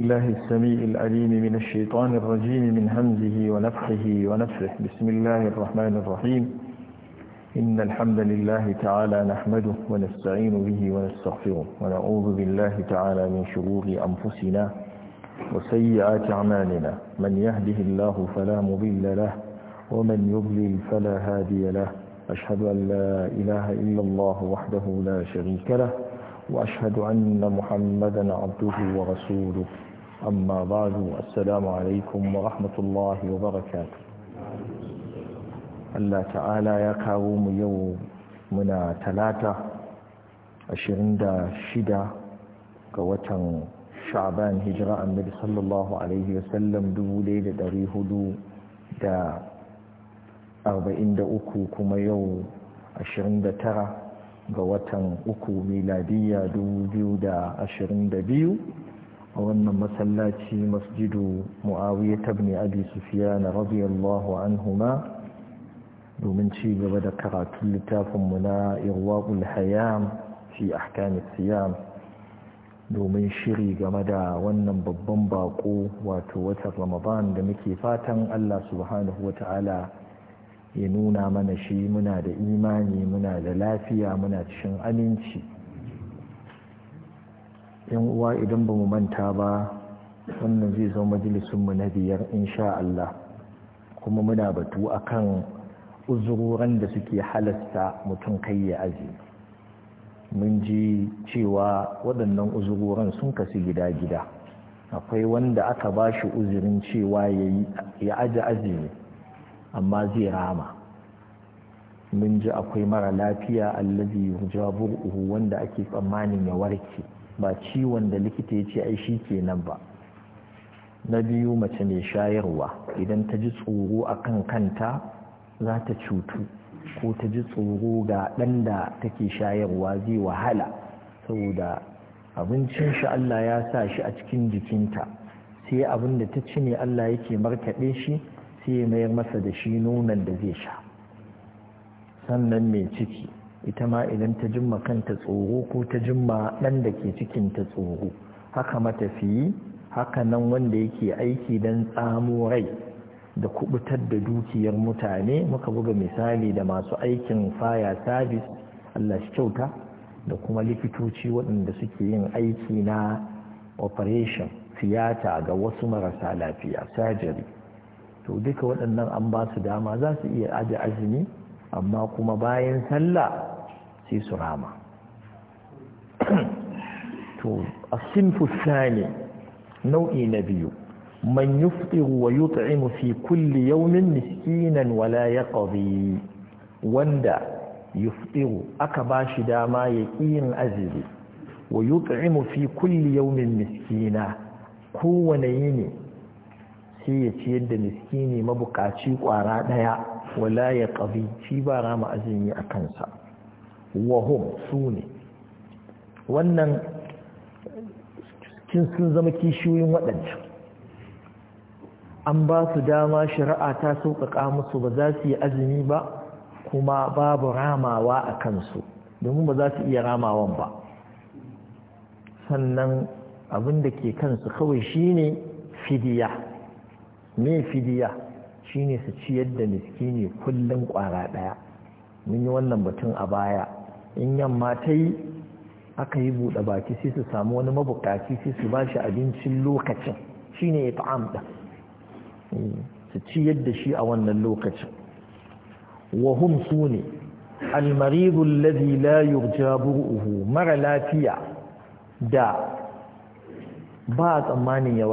الله السميع العليم من الشيطان الرجيم من همزه ونفخه ونفخه بسم الله الرحمن الرحيم إن الحمد لله تعالى نحمده ونستعين به ونستغفره ونعوذ بالله تعالى من شرور أنفسنا وسيئات أعمالنا من يهده الله فلا مضل له ومن يضلل فلا هادي له أشهد أن لا إله إلا الله وحده لا شريك له وأشهد أن محمدا عبده ورسوله أما بعد السلام عليكم ورحمة الله وبركاته Allah ta'ala ya kawo mu yau muna talata shida ga watan sha'ban hijira annabi sallallahu alaihi da uku kuma yau tara ga watan uku miladiyya biyu a wannan masallaci masjidu mu'awiyya tabni abi sufiyan radiyallahu anhuma domin ci gaba da karatun littafinmu na irwaƙul hayam fi ahkamis siyam domin shiri game da wannan babban bako wato watan ramadan da muke fatan allah subhanahu wa ta'ala ya nuna mana shi muna da imani muna da lafiya muna cikin aminci yan uwa idan ba mu manta ba wannan zai zo majalisunmu na biyar insha Allah kuma muna batu akan uzururan da suke halasta mutum kai ya aji mun ji cewa waɗannan uzururan sun kasu gida-gida akwai wanda aka ba shi uzurin cewa ya aji azumi amma zai rama mun ji akwai mara lafiya allazi yurja bur'uhu wanda ake tsammanin ya warke ba ciwon da likita ya ce ai shi nan ba na biyu mace mai shayarwa idan ta ji tsoro a kan kanta za ta cutu ko ta ji tsoro ga ɗan da take shayarwa zai wahala saboda abincin shi Allah ya sa shi a cikin jikinta sai abin da ta ci ne Allah yake markaɗe shi sai ya mayar masa da shi nonon da zai sha sannan mai ciki ita ma idan ta jimma kanta tsoro ko ta jimma ɗan da ke cikin ta tsoro haka matafiyi haka nan wanda yake aiki don tsamo rai da kubutar da dukiyar mutane muka buga misali da masu aikin faya service Allah shi kyauta da kuma likitoci waɗanda suke yin aiki na operation tiyata ga wasu marasa lafiya surgery to duka waɗannan an ba su dama za su iya aji azumi amma kuma bayan sallah sai su rama to a asinfu sani nau'i na biyu man yufɗiru wa yut'imu fi kulli yawmin miskinan wala yaqdi wanda yuftiru aka bashi dama ya yin azumi wa yut'imu fi kulli yawmin miskina kowane yini sai ya ciyar da miskini mabukaci ƙwara ɗaya, wala yaqdi shi ba rama azumi a kansa wahum su ne wannan cin sun zama kishiyoyin waɗancan an ba su dama shari'a ta sauƙaƙa musu ba za su yi azumi ba kuma babu ramawa a kansu domin ba za su iya ramawan ba sannan abin da ke kansu kawai shine fidiya me fidiya shine su ciyar da miskini kullum ƙwara ɗaya mun yi wannan batun a baya in yamma ta yi aka yi buɗe baki sai su samu wani mabukaci sai su ba shi abincin lokacin shi ne ya ta'am eh, su ci yadda shi a wannan lokacin wahum su ne almaridun lazi la yurja buru'uhu mara lafiya da ba a tsammanin ya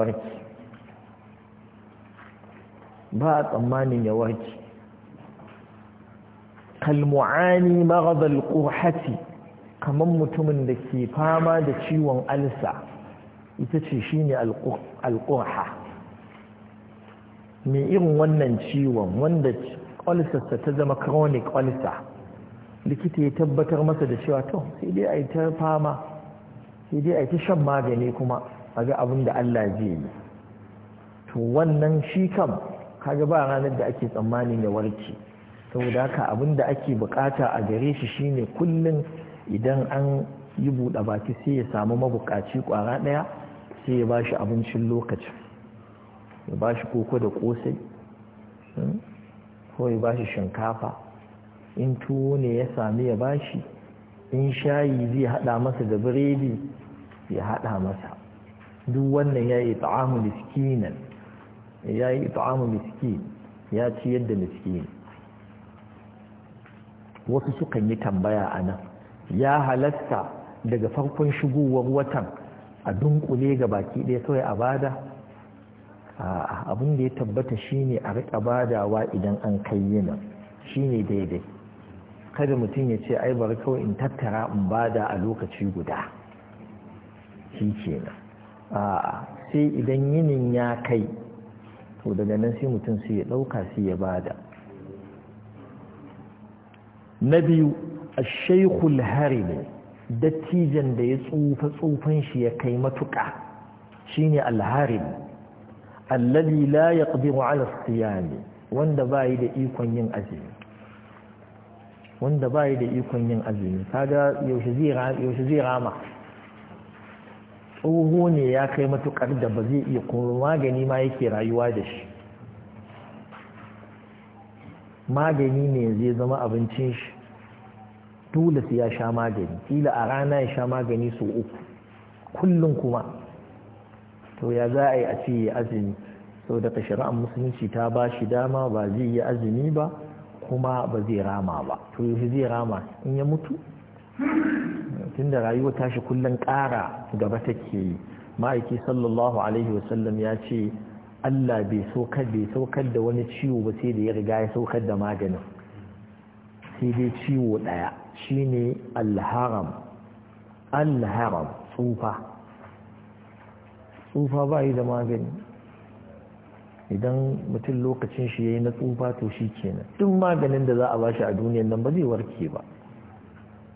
ba a tsammanin ya warke kalmu'ani maghadal qurhati kaman mutumin da ke fama da ciwon alsa ita ce shine alqurha me irin wannan ciwon wanda alsa ta zama chronic alsa likita ya tabbatar masa da cewa to sai dai a ta fama sai dai ai ta shan magani kuma a ga abin da Allah ji yi to wannan shi kam kaga ba ranar da ake tsammanin ya warke saboda haka abin da ake bukata a gare shi shine kullum idan an yi buɗe baki sai ya samu mabukaci ƙwara ɗaya sai ya bashi abincin lokaci ya bashi koko da kosai hmm, ko ya bashi shinkafa in tuwo ne ya sami ya bashi in shayi zai haɗa masa da biredi ya haɗa masa duk wannan ya yi ta'amu miskinan ya miskin ya ci yadda ne. wasu sukan yi tambaya a nan ya halatta daga farkon shigowar watan a dunkule ga baki ɗaya kawai a bada abin da ya tabbata shine a riƙa badawa idan an kai yinin shine daidai kada mutum ya ce ai bari kawai in tattara in bada a lokaci guda shi kenan sai idan yinin ya kai to daga nan sai mutum sai ya ɗauka sai ya bada na biyu a ashaykhul harimi dattijan da ya tsufa tsufan shi ya kai matuƙa shine alharin harimi alladhi la yaqdiru ala siyam wanda bai da ikon yin azumi wanda bai da ikon yin azumi kaga yaushe zai yaushe zai rama tsoho ne ya kai matukar da ba zai iya kuma magani ma yake rayuwa da shi magani ne zai zama abincin shi dole su ya sha magani kila a rana ya sha magani su uku kullum kuma to ya za a yi a ce ya azumi sau daga shari'ar musulunci ta ba shi dama ba zai yi azumi ba kuma ba zai rama ba to yaushe zai rama in ya mutu tunda rayuwa tashi kullum ƙara gaba take yi ma'aiki sallallahu alaihi wasallam ya ce Allah bai saukar bai saukar da wani ciwo ba sai da ya riga ya saukar da maganin sai dai ciwo ɗaya shine alharam alharam tsufa tsufa ba yi da magani idan mutum lokacin shi ya yi na tsufa to shi kenan duk maganin da za a bashi a duniyan nan ba zai warke ba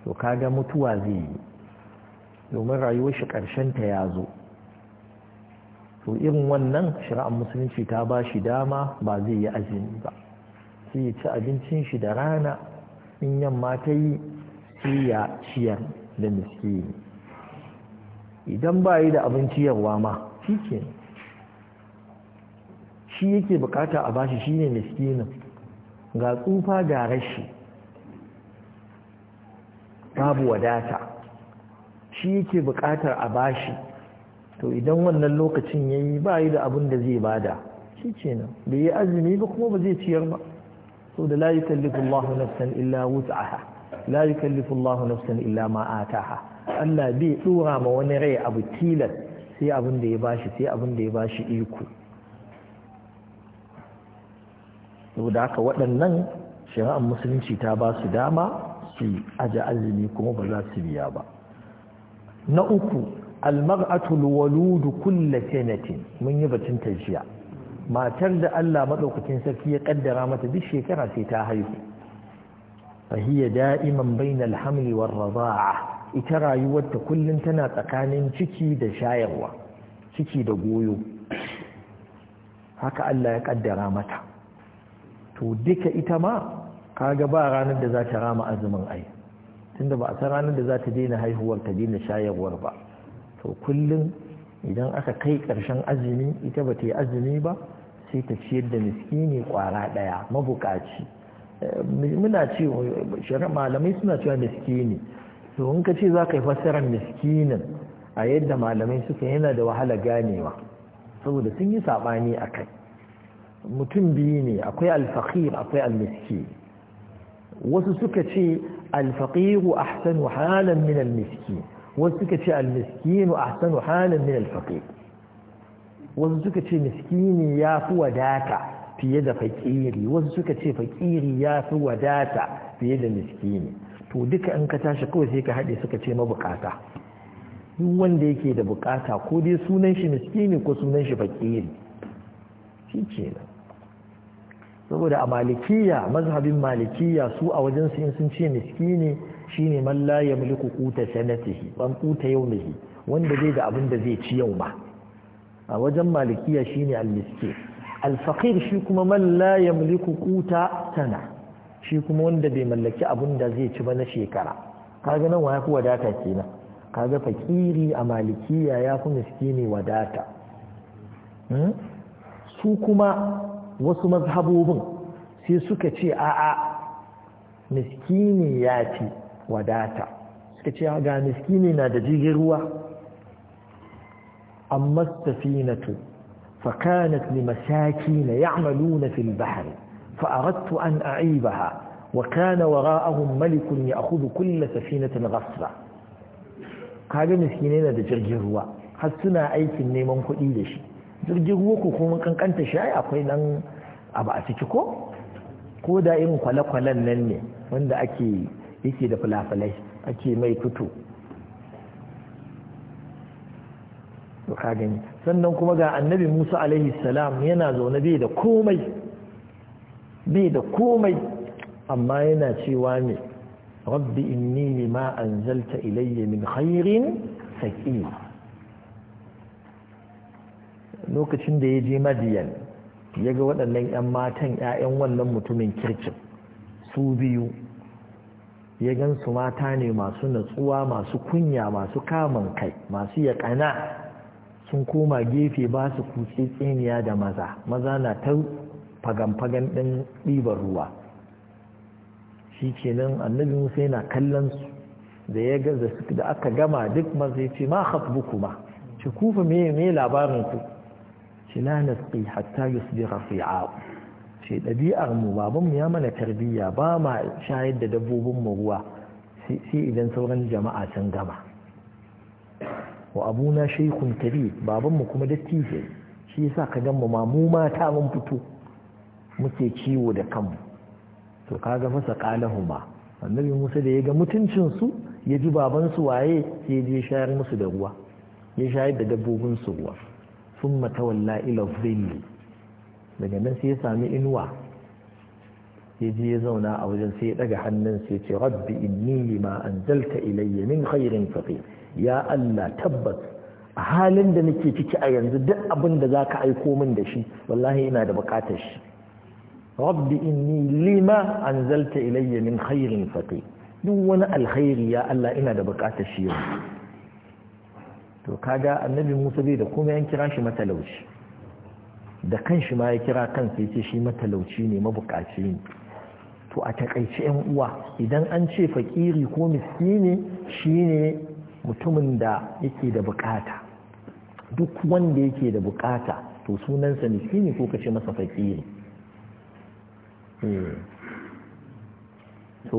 to kaga mutuwa zai yi domin rayuwar shi karshen ta ya zo to irin wannan shari'ar musulunci ta ba shi dama ba zai yi azumi ba sai ya ci abincin shi da rana in yamma ta yi siya ciyar da miskini idan ba yi da abin ciyarwa ma shi ke shi yake bukata a bashi shi ne miskinin ga tsufa da rashi babu wadata shi yake bukatar a bashi to idan wannan lokacin ya yi ba yi da abin da zai bada shi ce nan bai yi azumi ba kuma ba zai ciyar ba saboda la yukallifu Allahu nafsan illa wus'aha la yukallifu Allahu nafsan illa ma ataha Allah bai dora ma wani rai abu tilas sai abin da ya bashi sai abin da ya bashi iko saboda haka waɗannan shari'ar musulunci ta ba su dama su aje azumi kuma ba za su biya ba na uku almar'atul waludu kulla sanatin mun yi batun tajiya matar da Allah maɗaukacin sarki ya ƙaddara mata duk shekara sai ta haihu fahiyya da'iman baina hamli war ita rayuwarta kullum tana tsakanin ciki da shayarwa ciki da goyo haka Allah ya ƙaddara mata to duka ita ma kaga ba ranar da za ta rama azumin ai tunda ba a san ranar da za ta daina haihuwar ta daina shayarwar ba to kullum idan aka kai ƙarshen azumi ita ba ta yi azumi ba sai ta ciyar da miskini kwara ɗaya mabukaci muna ce malamai suna cewa miskini to in ka ce za ka yi fassarar miskinin a yadda malamai suka yana da wahala ganewa saboda sun yi saɓani a kai mutum biyu ne akwai alfaqir akwai almiski wasu suka ce alfaqiru ahsanu halan min almiski wasu suka ce almiskinu ahsanu halan min alfaqir wasu suka ce miskini ya fi wadata fiye da fakiri wasu suka ce fakiri ya fi wadata fiye da miskini to duka in ka tashi kawai sai ka haɗe suka ce mabukata duk wanda yake da bukata ko dai sunan shi miskini ko sunan shi fakiri shi ce nan saboda a malikiya mazhabin malikiya su a wajen in sun ce miskini shine man la yamliku quta sanatihi ban quta yawmihi wanda zai da abin da zai ci yau ma a wajen malikiya shine al-miskin al shi kuma man la yamliku quta sana shi kuma wanda bai mallaki abun da zai ci ba na shekara kaga nan waya wadata kenan kaga fakiri a malikiya ya fi miskini wadata hmm? su kuma wasu mazhabobin sai suka ce a'a miskini ya ci wadata suka ce ga miskini na da jirgin ruwa amma safinatu fa kanat li masakin ya'maluna fil bahr fa aradtu an a'ibaha wa kana wara'ahum malik ya'khudhu kull safinatin ghasra kage yana da jirgin ruwa har suna aikin neman kuɗi da shi jirgin ruwa ko kuma kankanta shi akwai nan abu a ciki ko ko da irin kwale-kwalen nan ne wanda ake yake da fulafalai ake mai fito to ka gani sannan kuma ga annabi Musa alaihi salam yana zaune bai da komai bai da komai amma yana cewa ne rabbi inni lima anzalta ilayya min khairin saqi lokacin da ya je madiyan ya ga waɗannan 'yan matan 'ya'yan wannan mutumin kirkin su biyu ya gan su mata ne masu natsuwa masu kunya masu kamun kai masu yaƙana sun koma gefe ba su kutse tseniya da maza maza na ta fagan-fagan ɗin ɗibar ruwa shi kenan annabi musa yana kallon su da ya gaza da aka gama duk maza ya ce ma haɗu kuma ci kufa mai labarin ku ci na nasi hatta yi abu ce ɗabi'ar mu babanmu ya mana tarbiyya ba ma shayar da dabbobin mu ruwa sai idan sauran jama'a sun gama wa abuna shaykhun kabir babanmu kuma dattijo shi yasa ka ganmu ma mu mata mun fito muke ciwo da kanmu to kaga fasa qalahuma annabi Musa da ya ga mutuncin su ya ji baban su waye sai je shayar musu da ruwa ya shayar da dabbobin su ruwa thumma tawalla ila dhilli daga nan sai ya sami inuwa ya je ya zauna a wajen sai ya daga hannun sai ya ce rabbi inni lima anzalta ilayya min khairin faqir ya Allah tabbas a halin da nake ciki a yanzu duk abin da za ka aiko min da shi wallahi ina da bukatar shi rabbi inni lima anzalta ilayya min khairin faqi duk wani alkhairi ya Allah ina da bukatar shi yanzu to kaga annabi Musa bai da kuma yan kira shi matalauci da kanshi ma ya kira kansa yace shi matalauci ne mabukaci ne to a takaice yan uwa idan an ce fakiri ko miskini shine mutumin da yake da bukata duk wanda yake da bukata to sunansa ne ne ko kace masa fakiri to eh.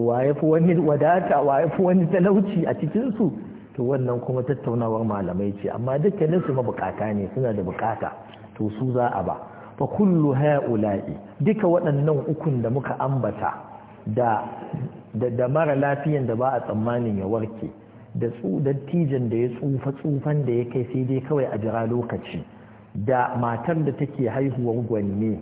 waye wani wadata waye wani talauci a cikinsu to wannan kuma tattaunawar malamai ce amma dukkaninsu mabukata ne suna da bukata to su za a ba fa kullu ha'ula'i duka waɗannan ukun da muka ambata da da mara lafiyan da ba a tsammanin ya warke da dattijan da ya tsufa tsufan da ya kai sai dai kawai a jira lokaci da matar da take haihuwar gwanne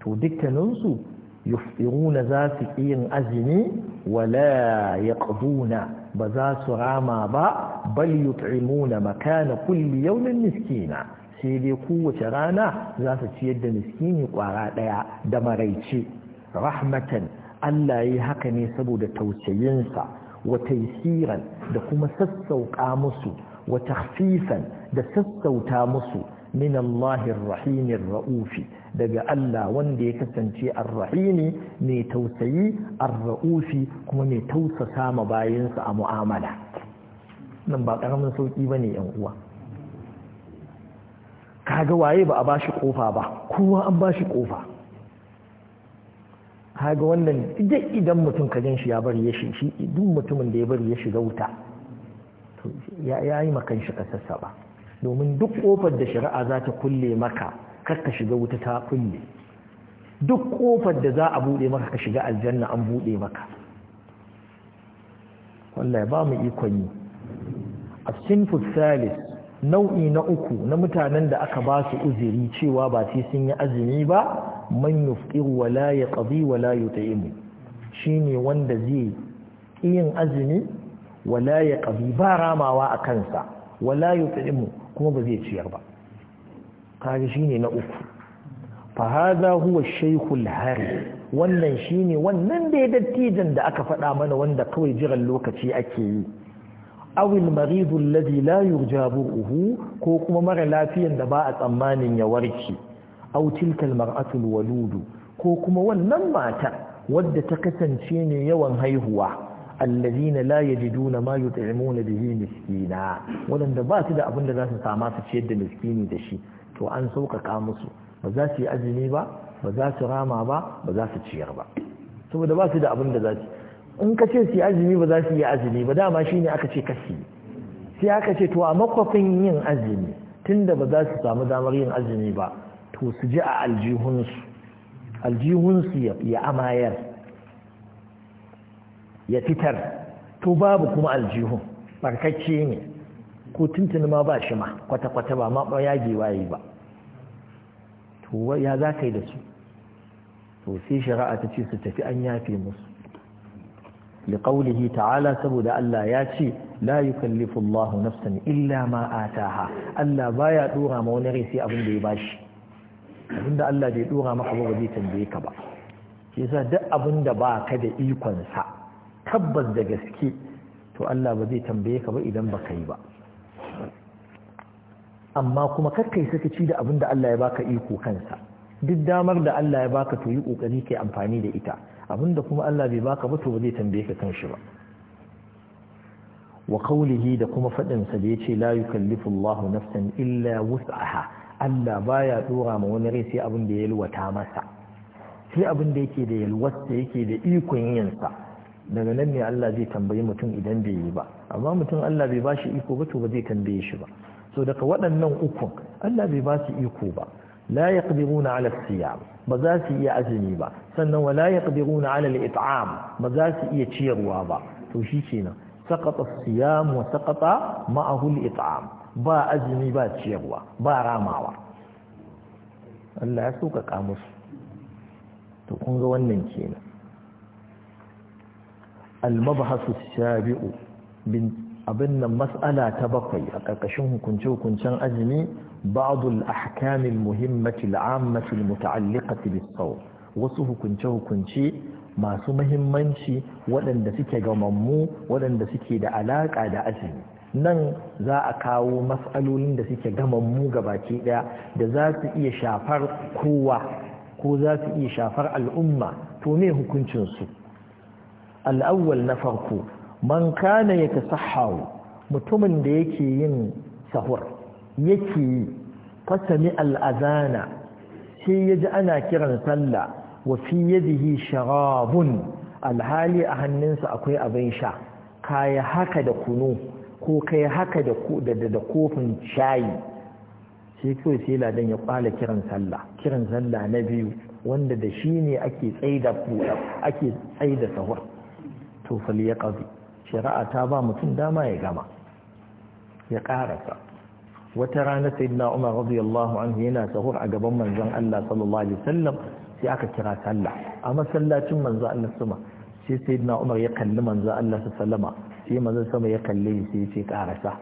to dukkaninsu yufiruna za su yin azumi wala ya yaqduna ba za su rama ba bal yut'imuna makana kulli yawmin miskina sai dai kowace rana za su ciyar da miskini kwara ɗaya. da maraice rahmatan Allah yi haka ne saboda tausayinsa wa taysiran da kuma sassauka musu wa takhfifan da sassauta musu min Allahir Rahimir Ra'ufi daga Allah wanda ya kasance Ar-Rahimi mai tausayi ar kuma mai tausasa ma bayansa a mu'amala nan ba karamin sauki bane yan uwa kaga waye ba a bashi kofa ba kowa an bashi kofa kaga wannan duk idan mutum ka gan shi ya bari ya shi duk mutumin da ya bari ya shiga wuta ya yi makan shi kasassa ba domin duk kofar da shari'a za ta kulle maka kar ka shiga wuta ta kulle duk kofar da za a bude maka ka shiga aljanna an bude maka wallahi ba mu ikon yi a sinfus salis nau'i na uku na mutanen da aka ba su uzuri cewa ba sai sun yi azumi ba man yufqir wa la yaqdi wa la yut'im shine wanda zai yin azumi wa la yaqdi ba ramawa a kansa wa la yut'im kuma ba zai ciyar ba kaga shine na uku fa hadha huwa shaykhul hari wannan shine wannan da dattijan da aka faɗa mana wanda kawai jiran lokaci ake yi awil maridu alladhi la yurjabuhu ko kuma mara lafiyan da ba a tsammanin ya warke aw tilka almar'atu waludu ko kuma wannan matar wadda ta kasance ne yawan haihuwa allazina la yajiduna ma yut'imuna bihi miskina wadanda ba su da abin da za su sama su ciyar da miskini da shi to an sauƙaƙa musu ba za su yi azumi ba ba za su rama ba ba za su ciyar ba saboda ba su da abin da za su in ka ce su yi azumi ba za su yi azumi ba dama shi ne aka ce kashi sai aka ce to a makwafin yin azumi tunda ba za su samu damar yin azumi ba to su ji a aljihunsu aljihunsu ya amayar ya fitar to babu kuma aljihun barkacce ne ko tuntuni ma ba shi ma kwata-kwata ba ma yagewa yi ba to ya za ka yi da su to sai shari'a ta ce su tafi an yafe musu liƙaulihi ta'ala saboda Allah ya ce la yukallifu Allah nafsan illa ma ataha Allah baya dora ma wani rai sai abin da ya bashi abinda Allah bai dora maka ba zai tambaye ka ba shi yasa duk abinda ba ka da ikon sa tabbas da gaske to Allah ba zai tambaye ka ba idan ba yi ba amma kuma kakkai sakaci da abinda Allah ya baka iko kansa duk damar da Allah ya baka to yi kokari kai amfani da ita abinda kuma Allah bai baka ba to ba zai tambaye ka kanshi ba wa qawlihi da kuma fadin sa da yace la yukallifu Allahu nafsan illa wus'aha Allah baya dora ma wani rai sai abin da ya yalwata masa sai abin da yake da yalwata yake da ikon yinsa daga nan ne Allah zai tambayi mutum idan bai yi ba amma mutum Allah bai ba shi iko ba to ba zai tambaye shi ba so daga waɗannan ukun Allah bai ba su iko ba la yaqdiruna ala siyam ba za su iya azumi ba sannan wala yaqdiruna ala al-it'am ba za su iya ciyarwa ba to shi kenan saqata as-siyam wa saqata ma'ahu al-it'am ba azumi ba ciyarwa ba ramawa Allah ya suka kamus to kun ga wannan kenan al-mabhasu shabi'u abin nan mas'ala ta bakwai a ƙarƙashin hukunce hukuncen azumi ba'dul ahkam al-muhimmati al-ammati al-muta'alliqati bis wasu hukunce hukunce masu mahimmanci waɗanda suke ga waɗanda suke da alaƙa da azumi nan za a kawo matsalolin da suke gama mu baki daya da za su iya shafar kowa ko za su iya shafar al'umma to me hukuncinsu al'awwal na farko man kana ya mutumin da yake yin sahur yake yi fasami al'azana sai ya ji ana kiran sallah wa fi yadihi sharabun alhali a hannunsa akwai abin sha kaya haka da kunu ko kai haka da kofin shayi sai kawai sai ladan ya kwala kiran sallah kiran sallah na biyu wanda da shi ne ake tsaida buɗa ake tsaida sahur to fal ya qadi shari'a ta ba mutum dama ya gama ya karasa wata rana sayyidina Umar radiyallahu anhu yana sahur a gaban manzon Allah sallallahu alaihi wasallam sai aka kira sallah a masallacin manzon Allah sama sai sayyidina Umar ya kalli manzon Allah sallallahu alaihi wasallama sai maza sama ya kalle sai ce karasa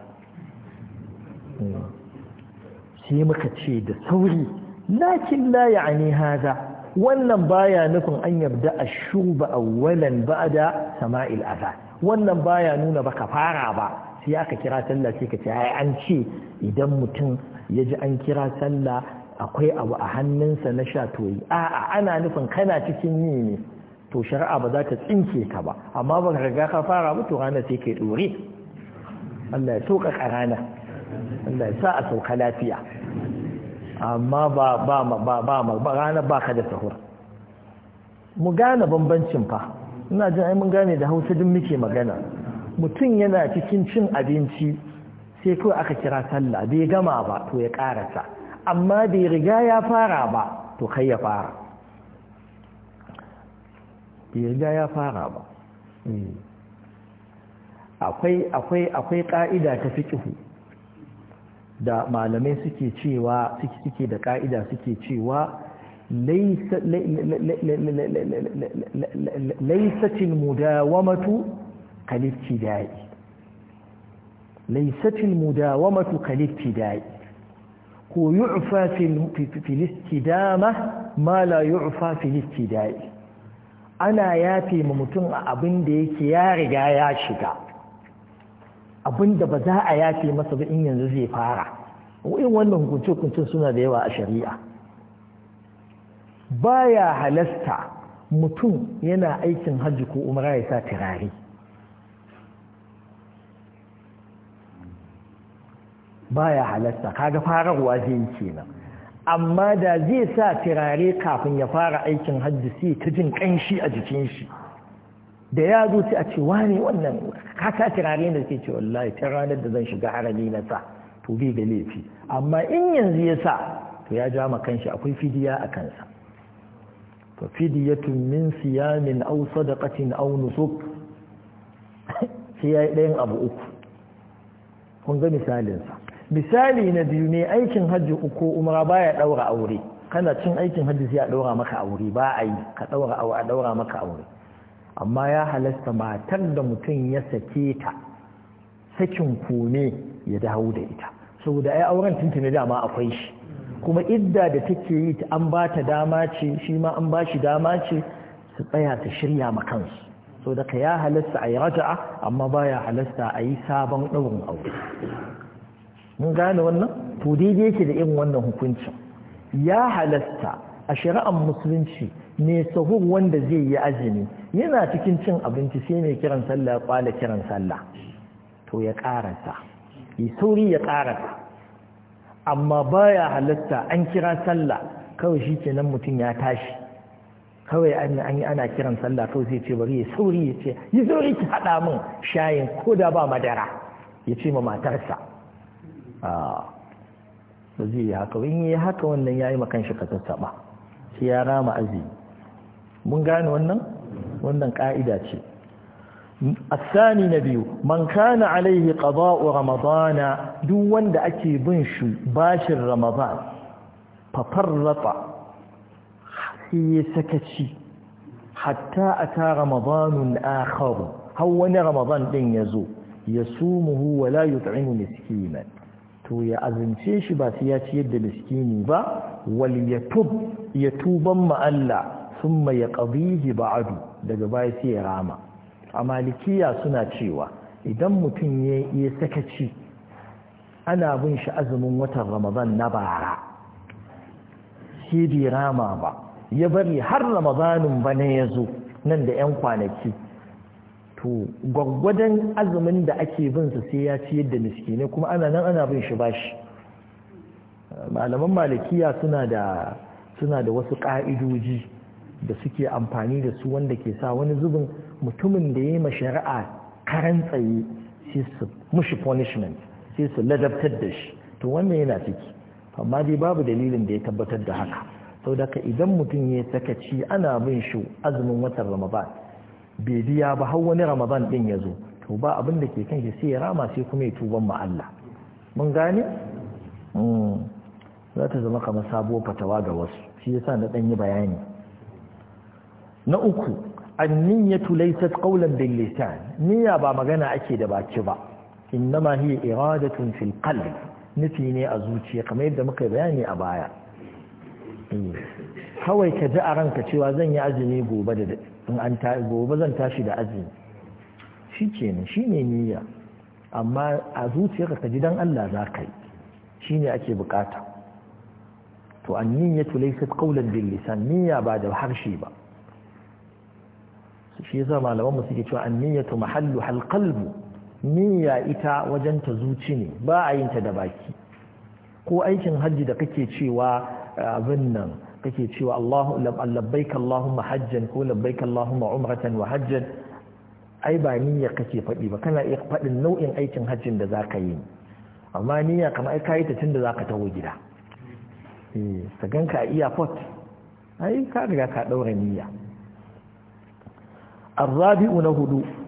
hmm. sai muka ce da sauri lakin la ya'ani haza wannan baya nufin an yarda a shuba awwalan ba'da sama'il azan wannan baya nuna baka fara ba sai aka kira sallah sai ka ce ai an ce idan mutum ya ji an kira sallah akwai abu a hannunsa na sha toyi a'a ana nufin kana cikin yi ne to shari'a ba za ta tsinke ka ba amma ba riga ka fara mutu rana sai kai dore Allah ya sauka rana Allah ya sa a sauka lafiya amma ba ba ba ba ba rana ba ka da sahur mu gane bambancin fa ina jin ai mun gane da Hausa din muke magana mutum yana cikin cin abinci sai kawai aka kira sallah bai gama ba to ya karasa amma bai riga ya fara ba to kai ya fara ya fara ba akwai ƙa’ida ta fikihu da malamai suke cewa suke da ƙa’ida suke cewa laisacin mu da wamatu kalifti dai laisacin mu da wamatu kalifci daya ko yi ufafin filisti dama ma la yi ufafin filisti ana yafe ma mutum a abin da yake ya riga ya shiga abin da ba za a yafe masa ba in yanzu zai fara in wannan hukunce hukuncin suna da yawa a shari'a baya halasta mutum yana aikin hajji ko umara ya sa turare baya halasta kaga fararwa zai yi kenan amma da zai sa turare kafin ya fara aikin hajji sai ta jin kanshi a jikin shi da ya zo sai a ce wane wannan kasa turare da ke ce wallahi ta ranar da zan shiga harami na sa to bai da laifi amma in yanzu ya sa to ya ja ma kanshi akwai fidiya a kansa to fidiyatun min siyamin aw sadaqatin aw nusuk sai ya yi ɗayan abu uku kun ga misalinsa. misali na biyu ne aikin hajji uku umara baya daura aure kana cin aikin hajji sai a daura maka aure ba a yi ka daura a daura maka aure amma ya halasta matar da mutum ya sake ta sakin kone ya dawo da ita saboda ai auren tuntuni dama akwai shi kuma idda da take yi ta an ba ta dama ce shi ma an ba shi dama ce su tsaya ta shirya ma kansu saboda ka ya halasta a yi raja'a amma ba ya halasta a yi sabon ɗaurin aure mun gane wannan to daidai yake da irin wannan hukuncin ya halasta a shari'ar musulunci ne sahur wanda zai yi azumi yana cikin cin abinci sai mai kiran sallah ya kwala kiran sallah to ya karanta yi sauri ya karanta amma baya halasta an kira sallah kawai shi ke nan mutum ya tashi kawai an yi ana kiran sallah kawai zai ce bari ya sauri ya ce yi sauri ki haɗa min shayin ko da ba madara ya ce ma matarsa a ba zai yi haka in yi haka wannan ya yi makan shi kasassaba sai ya rama azumi mun gane wannan wannan ka'ida ce الثاني نبي من كان عليه قضاء رمضان دو وند أكي بنشو باشر رمضان ففرط في سكتشي حتى أتى رمضان آخر هو رمضان دين يزو يصومه ولا يطعم مسكينا to ya azince shi ba sai ya ciyar da miskini ba wal ya tuban ma Allah thumma ba ba'du daga baya sai ya rama a suna cewa idan mutum ya yi sakaci ana bin shi azumin watan ramadan na bara sai bai rama ba ya bari har ramadanin bana ya zo nan da 'yan kwanaki to gwaggwadon azumin da ake bin su sai ya ciyar da miskine kuma ana nan ana bin shi bashi malaman malikiya suna da suna da wasu ka'idoji da suke amfani da su wanda ke sa wani zubin mutumin da ya yi ma shari'a karan tsaye sai su mushi punishment sai su ladabtar da shi to wannan yana ciki amma dai babu dalilin da ya tabbatar da haka sau daka idan mutum ya sakaci ana bin shi azumin watan ramadan bai biya ba har wani ramadan din ya zo to ba abin da ke kan shi sai ya rama sai kuma ya tuban ma Allah mun gane hmm. za ta zama kamar sabuwar fatawa ga wasu shi yasa na dan yi bayani na uku an an-niyyatu laysat qawlan bil lisan niyya ba magana ake da baki ba innama hiya iradatun fil qalbi nufi ne a zuciya kamar yadda muka bayani a baya hmm. kawai ka ji a ranka cewa zan yi azumi gobe da in an ta gobe zan tashi da azumi shi kenan shi ne niyya amma a zuciyarka ka ji dan Allah za ka yi shi ne ake bukata to an niyyatu laysat qawlan bil lisan niyya ba da harshe ba shi yasa malaman mu suke cewa an niyyatu mahallu hal qalbu niyya ita wajen ta zuci ne ba a yin ta da baki ko aikin hajji da kake cewa abin nan kake cewa allah labbaik Allahumma hajjan ko labbaik Allahumma umratan wa hajjan ai ba niyya kake faɗi ba kana iya faɗin nau'in aikin hajjin da za ka yi amma niyya kamar ai kai ta tun da za ka taho gida eh, ka ganka a fot ai ka riga ka ɗaura niyya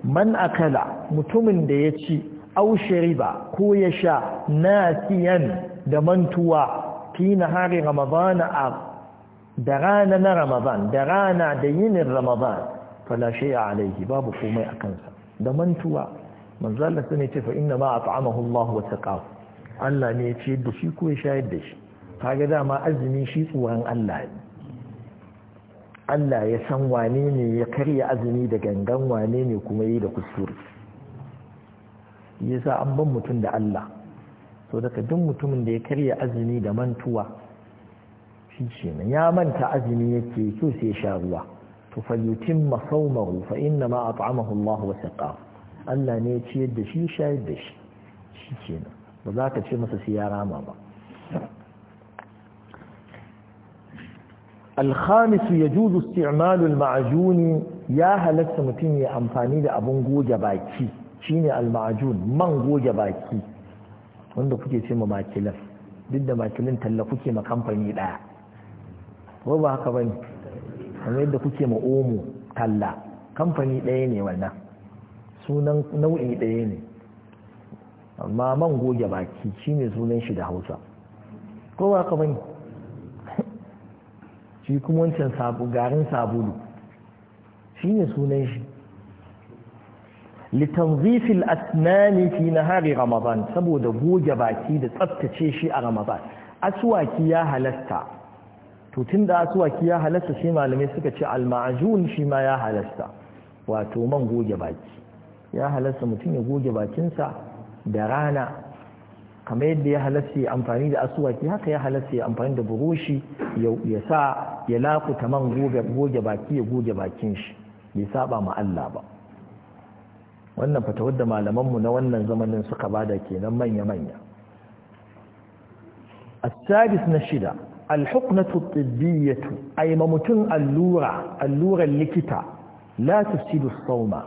man akala الرابع نهدو من aw shariba ko ya sha nasiyan da mantuwa fi ramadana ramadana da rana na ramadan da rana da yinin ramadan fala a alaihi babu komai a kansa da mantuwa manzo Allah ne ce fa inna ma at'amahu Allah wa taqaw Allah ne ya ce da shi ko ya shayar da shi kaga dama azumi shi tsoron Allah ne Allah ya san wane ne ya karya azumi da gangan wane ne kuma yi da kusuri yasa an ban mutum da Allah so daga duk mutumin da ya karya azumi da mantuwa shi kenan ya manta azumi yake so sai sha ruwa to fa yutimma fa inna ma at'amahu Allah wa saqah Allah ne ya ciyar da shi shayar da shi shi kenan ba za ka ce masa sai ya rama ba الخامس يجوز استعمال المعجون يا هلت متين يا da abun goge baki باكي شيني المعجون من جوجة باكي wanda kuke ce ma makilan duk da makilin talla kuke ma kamfani ɗaya ko ba haka bane kamar yadda kuke ma omo talla kamfani ɗaya ne wannan sunan nau'i ɗaya ne amma man goge baki shine sunan shi da hausa ko ba haka bane shi kuma wancan garin sabulu shine sunan shi لتنظيف الأسنان في نهار رمضان سبو goge baki da tsabtace shi شيء رمضان أسواكي ya halasta. to tun da asuwaki ya halasta shi malamai suka ce alma'ajun shi ma ya halasta wato man goge baki ya halasta mutum ya goge bakinsa da rana kamar yadda ya halasta ya amfani da asuwaki haka ya halasta ya amfani da buroshi ya sa ya lakuta man goge baki ya goge bakin shi bai saba ma Allah ba wannan fatawar da malamanmu na wannan zamanin suka bada kenan manya-manya A na shida. alhuknatu tibbiyatu ay ma mutum allura alluran likita la tufsidu sauma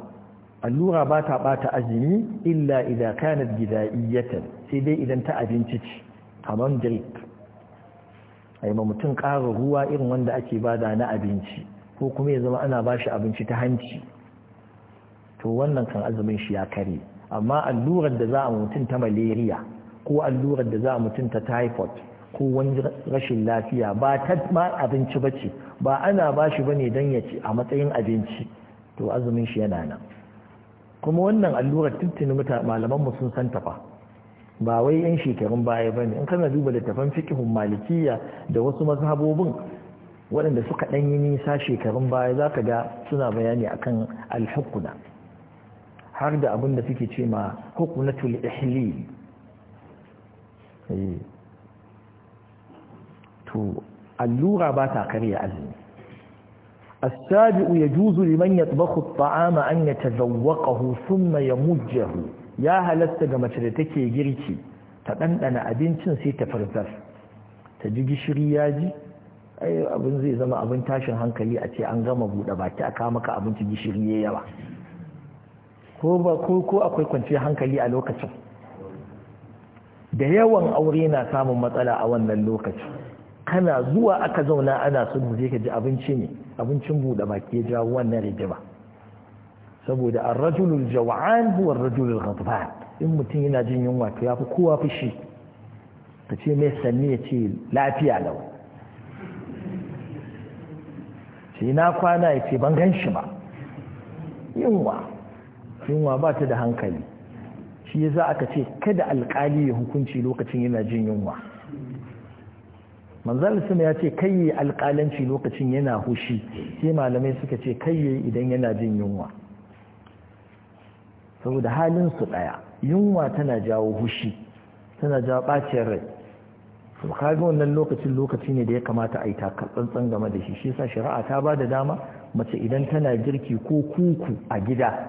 allura ba ta ɓata azumi illa kanar gida gidaiyatan sai dai idan ta abinci ce kaman drip ai ma mutum ƙara ruwa irin wanda ake bada na abinci ko kuma ya zama ana ba shi abinci ta hanci to wannan kan azumin shi ya kare amma allurar da za a mutum ta malaria ko allurar da za a mutum ta typhoid ko wani rashin lafiya ba ta ma abinci ba ce ba ana ba shi ba ne don ya ci a matsayin abinci to azumin shi yana nan kuma wannan allurar tuntuni malamanmu sun san tafa ba wai yan shekarun baya ba ne in kana duba littafan fikihun malikiya da wasu mazhabobin waɗanda suka ɗan yi nisa shekarun baya za ka ga suna bayani a kan alhukuna har da abin da suke ce ma hukunatul ihlil eh. to allura ba ta karya azumi as ya yajuzu liman yatbakhu at an yatazawwaqahu thumma yamujjahu ya halatta ga mace da take girki ta dandana abincin sai ta farzar ta ji gishiri ya ji ai abin zai zama abin tashin hankali a ce an gama bude ba ta aka maka abinci gishiri yayi ba ko ba ko ko akwai kwanci hankali a lokacin da yawan aure na samun matsala a wannan lokacin kana zuwa aka zauna ana son sai ka ji abinci ne abincin buɗe baki ya jawo wannan rigima saboda ar-rajulul jaw'an huwa ar-rajulul ghadban in mutum yana jin yunwa to yafi kowa fushi ka ce mai sanni ya ce lafiya lau ce na kwana ya ce ban gan ba yunwa yunwa ba ta da hankali shi yasa aka ce kada alƙali ya hukunci lokacin yana jin yunwa manzal sun ya ce kai yi alƙalanci lokacin yana hushi sai malamai suka ce kai yi idan yana jin yunwa saboda halin su ɗaya yunwa tana jawo hushi tana jawo ɓaciyar rai to kaga wannan lokacin lokaci ne da ya kamata a yi takatsantsan game da shi shi sa shari'a ta ba da dama mace idan tana girki ko kuku a gida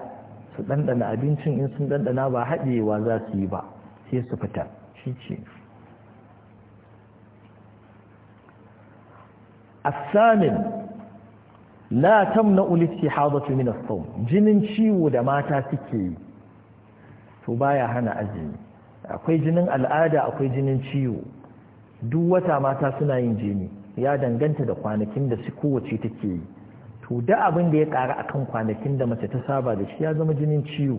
su ɗanɗana abincin in sun ɗanɗana ba haɗewa za su yi ba sai su fita shi ce الثامن لا تمنع الاستحاضة من الصوم جنن شيو دا ماتا سكي تبايا هنا أزمي akwai jinin al'ada akwai jinin ciwo duk wata mata suna yin jini ya danganta da kwanakin da su kowace take yi to da abin da ya ƙara akan kwanakin da mace ta saba da shi ya zama jinin ciwo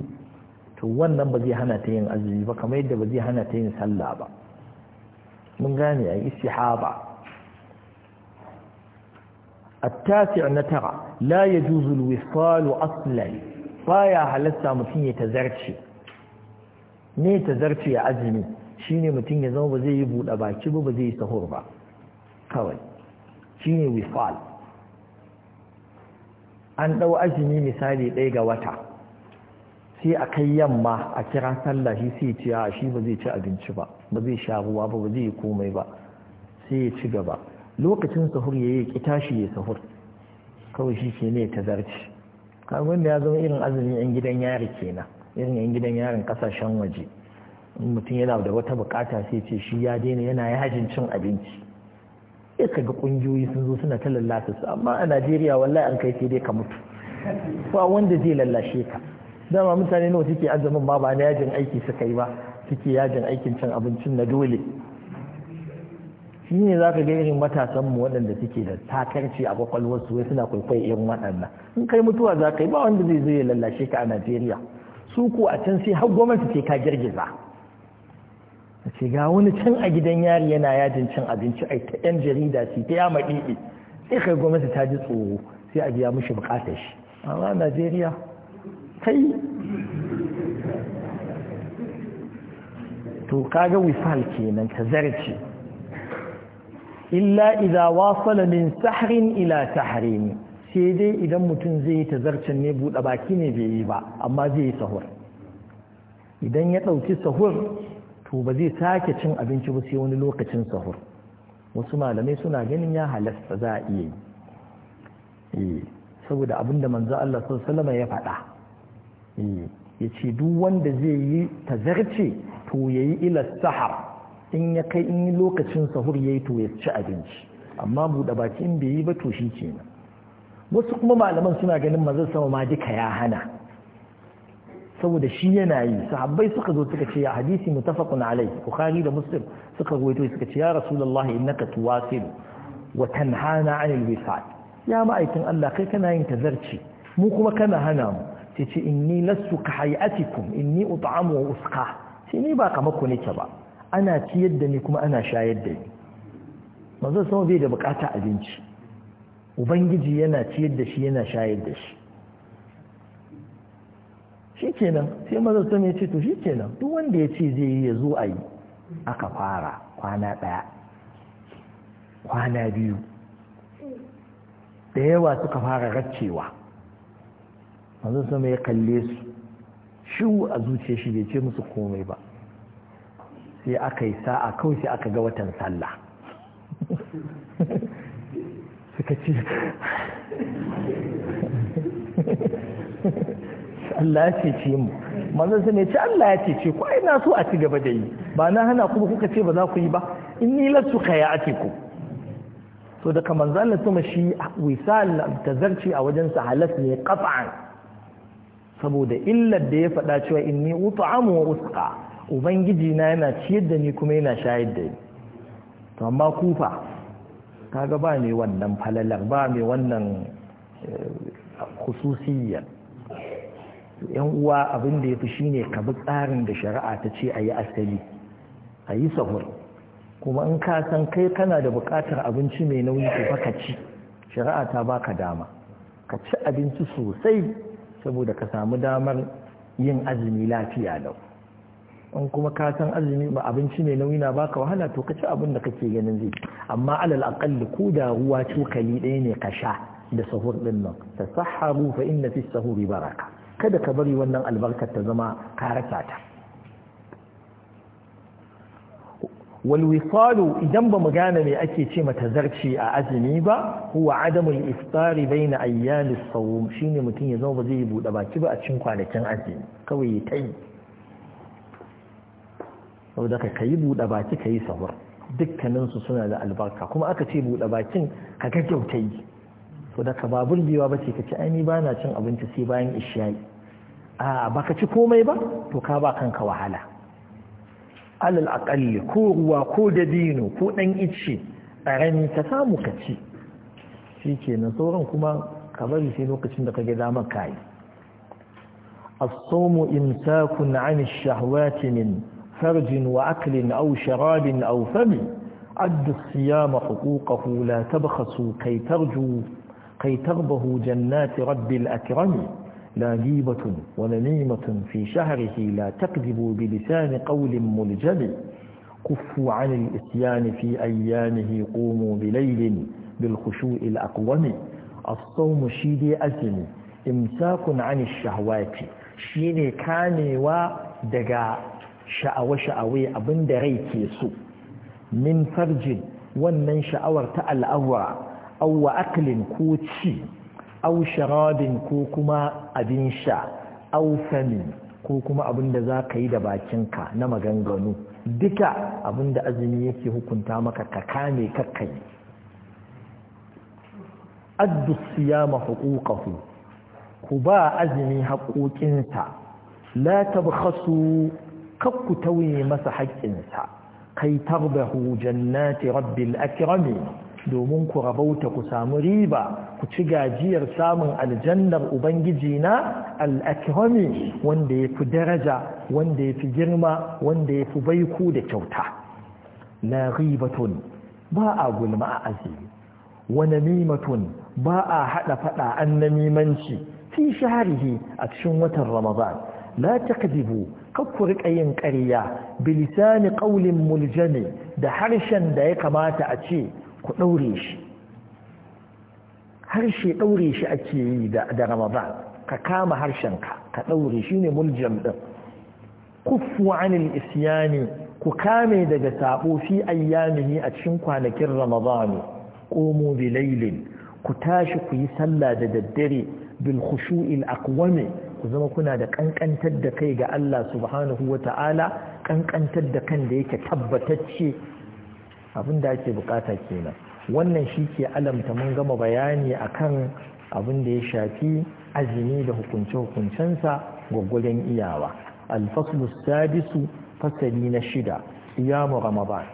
to wannan ba zai hana ta yin azumi ba kamar yadda ba zai hana ta yin sallah ba mun gane a istihaba التاسع نترى لا يجوز الوصال أصلا بايا حلسة متين يتزرتشي ne ya zarce ya azumi shine mutum ya zama ba zai yi buɗe baki ba ba zai yi sahur ba kawai shine wifal an ɗau azumi misali ɗaya ga wata sai a kai yamma a kira sallah shi sai ci a shi ba zai ci abinci ba ba zai sha ruwa ba ba zai yi komai ba sai ya ci gaba lokacin sahur ya yi tashi ya sahur kawai shi ke ne ta zarci kagun da ya zama irin azumin yan gidan yari kenan irin yan gidan yarin kasashen waje mutum yana da wata bukata sai ce shi ya daina yana yajin cin abinci sai ga kungiyoyi sun zo suna ta lallata su amma a Najeriya wallahi an kai sai dai ka mutu ba wanda zai lallashe ka dama mutane nawa suke azumin ma ba na yajin aiki suka yi ba suke yajin aikin cin abincin na dole shi ne za ka ga irin matasanmu waɗanda suke da takarci a kwakwalwarsu wai suna kwaikwayo irin waɗannan in kai mutuwa za ka yi ba wanda zai zo ya lallashe ka a najeriya su ko a can sai har gwamnati ce ka girgiza ce ga wani can a gidan yari yana yajin cin abinci a ta yan jarida ce ta yama ɗiɗi sai kai gwamnati ta ji tsoro sai a biya mishi bukatar shi amma najeriya kai to kaga wifal kenan ka zarce illa idza wasala min sahrin ila ne. sai dai idan mutum zai yi tazarcin ne buɗe baki ne bai yi ba amma zai yi sahur idan ya ɗauki sahur to ba zai sake cin abinci ba sai wani lokacin sahur wasu malamai suna ganin ya halasta za a iya yi eh, saboda abinda manzo Allah sallallahu alaihi ya faɗa eh, ya ce duk wanda zai yi tazarce to yayi ila sahar in ya kai in lokacin sahur yayi to ya ci abinci amma buɗe baki in bai yi ba to shi kenan wasu kuma malaman suna ganin mazan sama ma duka ya hana saboda shi yana yi sahabbai suka zo suka ce ya hadisi mutafaqun alai bukhari da muslim suka zo suka ce ya rasulullahi innaka tuwasil wa tanhana 'anil wisal ya ma'aikin Allah kai kana yin tazarci mu kuma kana hana mu ce ce inni lasu ka hayatikum inni ut'amu wa usqa ni ba kamar ku nake ba ana ciyar da ni kuma ana shayar da ni manzo sama bai da bukata abinci ubangiji yana ciyar da shi yana shayar da shi shi sai manzo sama ya ce to shi duk wanda ya ce zai yi ya zo a aka fara kwana ɗaya kwana biyu da yawa suka fara raccewa manzo sama ya kalle su shiwu a zuciya shi bai ce musu komai ba sai aka yi sa'a kawai sai aka ga watan sallah suka ce Allah ya ce mu manzon ne ce Allah ya ce ku ai so a ci gaba da yi ba na hana kuma kuka ce ba za ku yi ba in ni lasu kaya ake ku to daga manzan Allah kuma shi wisal zarce a wajen sa halas ne qat'an saboda illar da ya faɗa cewa inni ut'amu wa usqa ubangiji na yana ciyar da ni kuma yana shayar da ni to amma kufa kaga ba ne wannan falalar ba mai wannan eh, khususiyya yan uwa abin da yafi shine ka bi tsarin da shari'a ta ce ayi asali ayi sahur kuma in ka san kai kana da bukatar abinci mai nauyi ka ka ci shari'a ta baka dama ka ci abinci sosai saboda ka samu damar yin azumi lafiya lau in kuma ka san azumi ba abinci ne nauyi na baka wahala to ka ci abin da kake ganin zai amma alal aqall ku da ruwa cokali ɗaya ne ka sha da sahur din nan ta saharu fa inna fi sahuri baraka kada ka bari wannan albarkar ta zama ka rasa ta wal idan ba mu gane me ake ce mata zarci a azumi ba huwa adamu al-iftari baina ayyamis sawm shine mutum ya zama ba zai buɗe baki ba a cikin kwanakin azumi kawai ya tayi saboda ka yi buɗe baki ka yi sahur dukkaninsu suna da albarka kuma aka ce buɗe bakin ka gaggauta yi saboda ka ba burgewa ba ce ka ci aini ba na cin abinci sai bayan ishai a ba ka ci komai ba to ka ba kanka wahala alal aƙalli ko ruwa ko dabino ko ɗan icce a ta samu ka ci shi kenan sauran kuma ka bari sai lokacin da ka ga damar kayi الصوم إمساك عن الشهوات من فرج وأكل أو شراب أو فم أد الصيام حقوقه لا تبخسوا كي ترجوا كي تربه جنات رب الأكرم لا جيبة ونميمة في شهره لا تكذبوا بلسان قول ملجم كفوا عن الإتيان في أيامه قوموا بليل بالخشوع الأقوم الصوم شيدي أزم إمساك عن الشهوات شيني كاني ودقاء sha'awa-sha'awa abin da rai ke so min farjin wannan sha'awar ta al'awara auwa aklin ko ci au sharabin ko kuma abin sha aufamin ko kuma abin da za ka yi da bakinka na maganganu duka abin da azumi yake hukunta maka ka kame kakkai addu siyama hukukahu ku ba azumi haƙoƙinsa la tabkhasu kakku tauye masa haƙƙinsa kai tarbahu jannati rabbil akrami domin ku rabauta ku samu riba ku ci gajiyar samun aljannar ubangiji na al'akrami wanda ya fi daraja wanda ya fi girma wanda ya fi baiku da kyauta na ribatun ba a gulma a azumi wani mimatun ba a haɗa faɗa an namimanci fi shaharhi a cikin watan ramadan la takdibu kakku riƙa yin ƙarya bilisani ƙaulin muljami da harshen da ya kamata a ce ku ɗaure shi harshe ɗaure shi ake yi da ramadan ka kama harshenka ka ɗaure shi ne muljam ɗin kufu anil isyani ku kame daga sabo fi ayyamihi a cikin kwanakin ramadan qumu bilailin ku tashi ku yi sallah da daddare bil khushu'il aqwami ku zama kuna da kankantar da kai ga Allah subhanahu wa ta'ala kankantar da kan da yake tabbatacce abin da ake bukata kenan wannan shi ke alamta mun gama bayani a kan abin da ya shafi azumi da hukunce-hukuncensa gwaggwajen iyawa alfaslu sadisu fasali na shida siyamu ramadan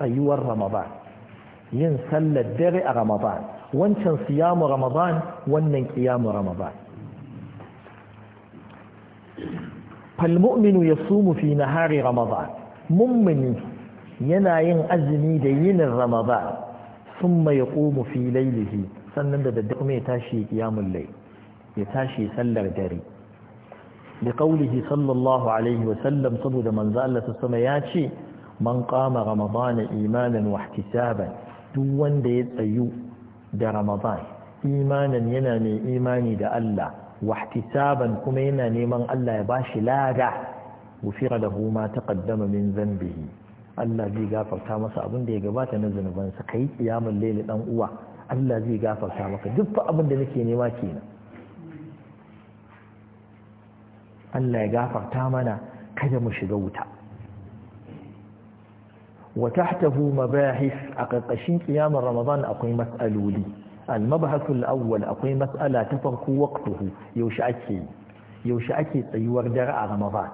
tsayuwar ramadan yin sallar dare a ramaban wancan siyamu ramaban wannan kiyamu ramaban. falmu'minu ya sumu fi hari ramadan mummuni yana yin azumi da yinin ramadan sun ya ƙomu fi lailihi sannan da daddare ya tashi ya lai ya tashi sallar dare da kaulihi sallallahu alaihi wasallam saboda manzo Allah ta sama ya ce man qama ramadana imanan wa ihtisaban duk wanda ya tsayu da ramadan imanan yana mai imani da Allah wahtisaban kuma yana neman Allah ya bashi lada gufira lahu ma taqaddama min zambihi Allah zai gafarta masa abin da ya gabata na zunubansa kai kiyamul layli dan uwa Allah zai gafarta maka duk fa da nake nema kenan Allah ya gafarta mana kada mu shiga wuta wa tahtahu mabahis a ƙarƙashin kiyamar Ramadan akwai mas'aloli al awwal akwai mas'ala ta farko waqtuhu yaushe ake yaushe ake tsayuwar dare a ramadan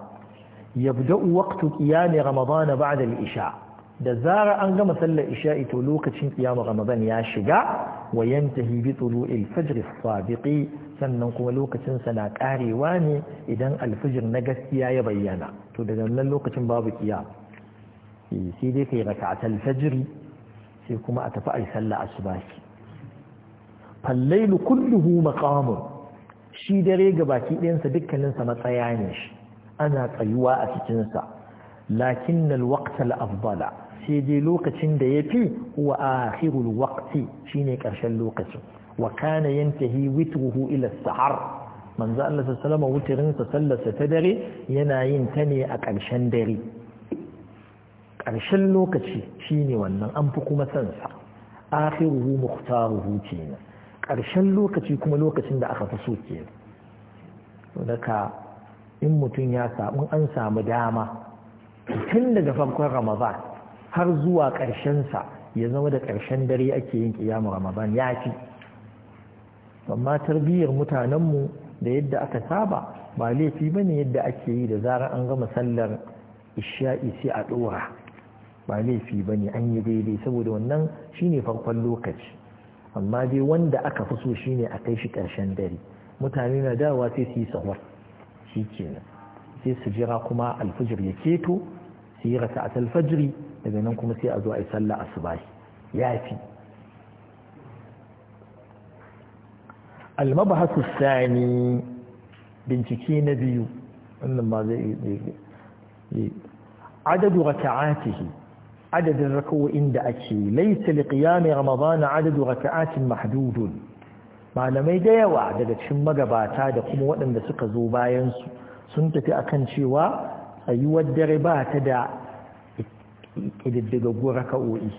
yabda'u waqtu qiyam ramadan ba'da al-isha da zara an gama sallar isha'i to lokacin qiyam ramadan ya shiga wa yantahi bi tulu'il fajr as sannan kuma lokacin sa na karewa ne idan al-fajr na gaskiya ya bayyana to daga nan lokacin babu qiyam eh, sai dai kai raka'atul fajr sai kuma a tafi ai sallar asubahi fallailu kulluhu maqamun shi dare ga baki ɗayansa dukkaninsa matsaya ne shi ana tsayuwa a cikinsa lakin alwaqt al-afdala sai dai lokacin da yafi wa akhirul waqti shine ƙarshen lokacin wa kana yantahi witruhu ila sahar manzo Allah sallallahu alaihi wasallam wutirin sallarsa ta dare yana yin ta ne a ƙarshen dare ƙarshen lokaci shine wannan an fi kuma sa akhiruhu mukhtaruhu kenan ƙarshen lokaci kuma lokacin da aka fi so ke daga in mutum ya samu an samu dama tun daga farkon ramadan har zuwa ƙarshen sa ya zama da ƙarshen dare ake yin ƙiyamu ramadan ya fi amma tarbiyyar mutanenmu da yadda aka saba ba laifi ba ne yadda ake yi da zarar an gama sallar isha'i sai a ɗora ba laifi ba ne an yi daidai saboda wannan shine farkon lokaci amma dai wanda aka fi so shine a kai shi ƙarshen dare mutane na dawa sai su yi sahur shi kenan sai su jira kuma alfajir ya keto su yi raka alfajiri daga nan kuma sai a zo a yi sallah asubahi ya fi almabahasu sani bincike na biyu wannan ma zai yi adadu raka'atihi adadin rakawo'in da ake laisa liqiyami ramadan adadu raka'atin mahdudun malamai da yawa daga cikin magabata da kuma waɗanda suka zo bayan su sun tafi a kan cewa tsayuwar dare ba ta da ƙididdigaggun raka'o'i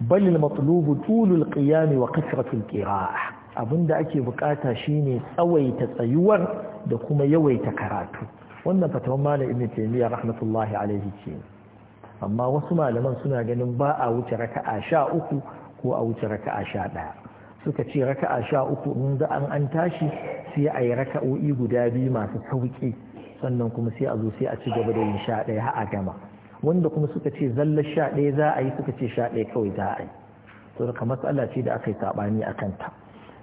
bali al-matlubu tulul qiyami wa kasratul qira'a abinda ake bukata shine tsawaita tsayuwar da kuma yawaita karatu wannan fatawan malam ibn taymiyyah rahmatullahi alaihi kenan amma wasu malaman suna ganin ba a wuce raka'a sha uku ko a wuce raka'a sha ɗaya suka ce raka'a sha uku in za an an tashi sai a yi raka'o'i guda biyu masu sauƙi sannan kuma sai a zo sai a ci gaba da yin sha ɗaya har a gama wanda kuma suka ce zalla sha ɗaya za a yi suka ce sha ɗaya kawai za a yi to da matsala ce da aka yi saɓani a kanta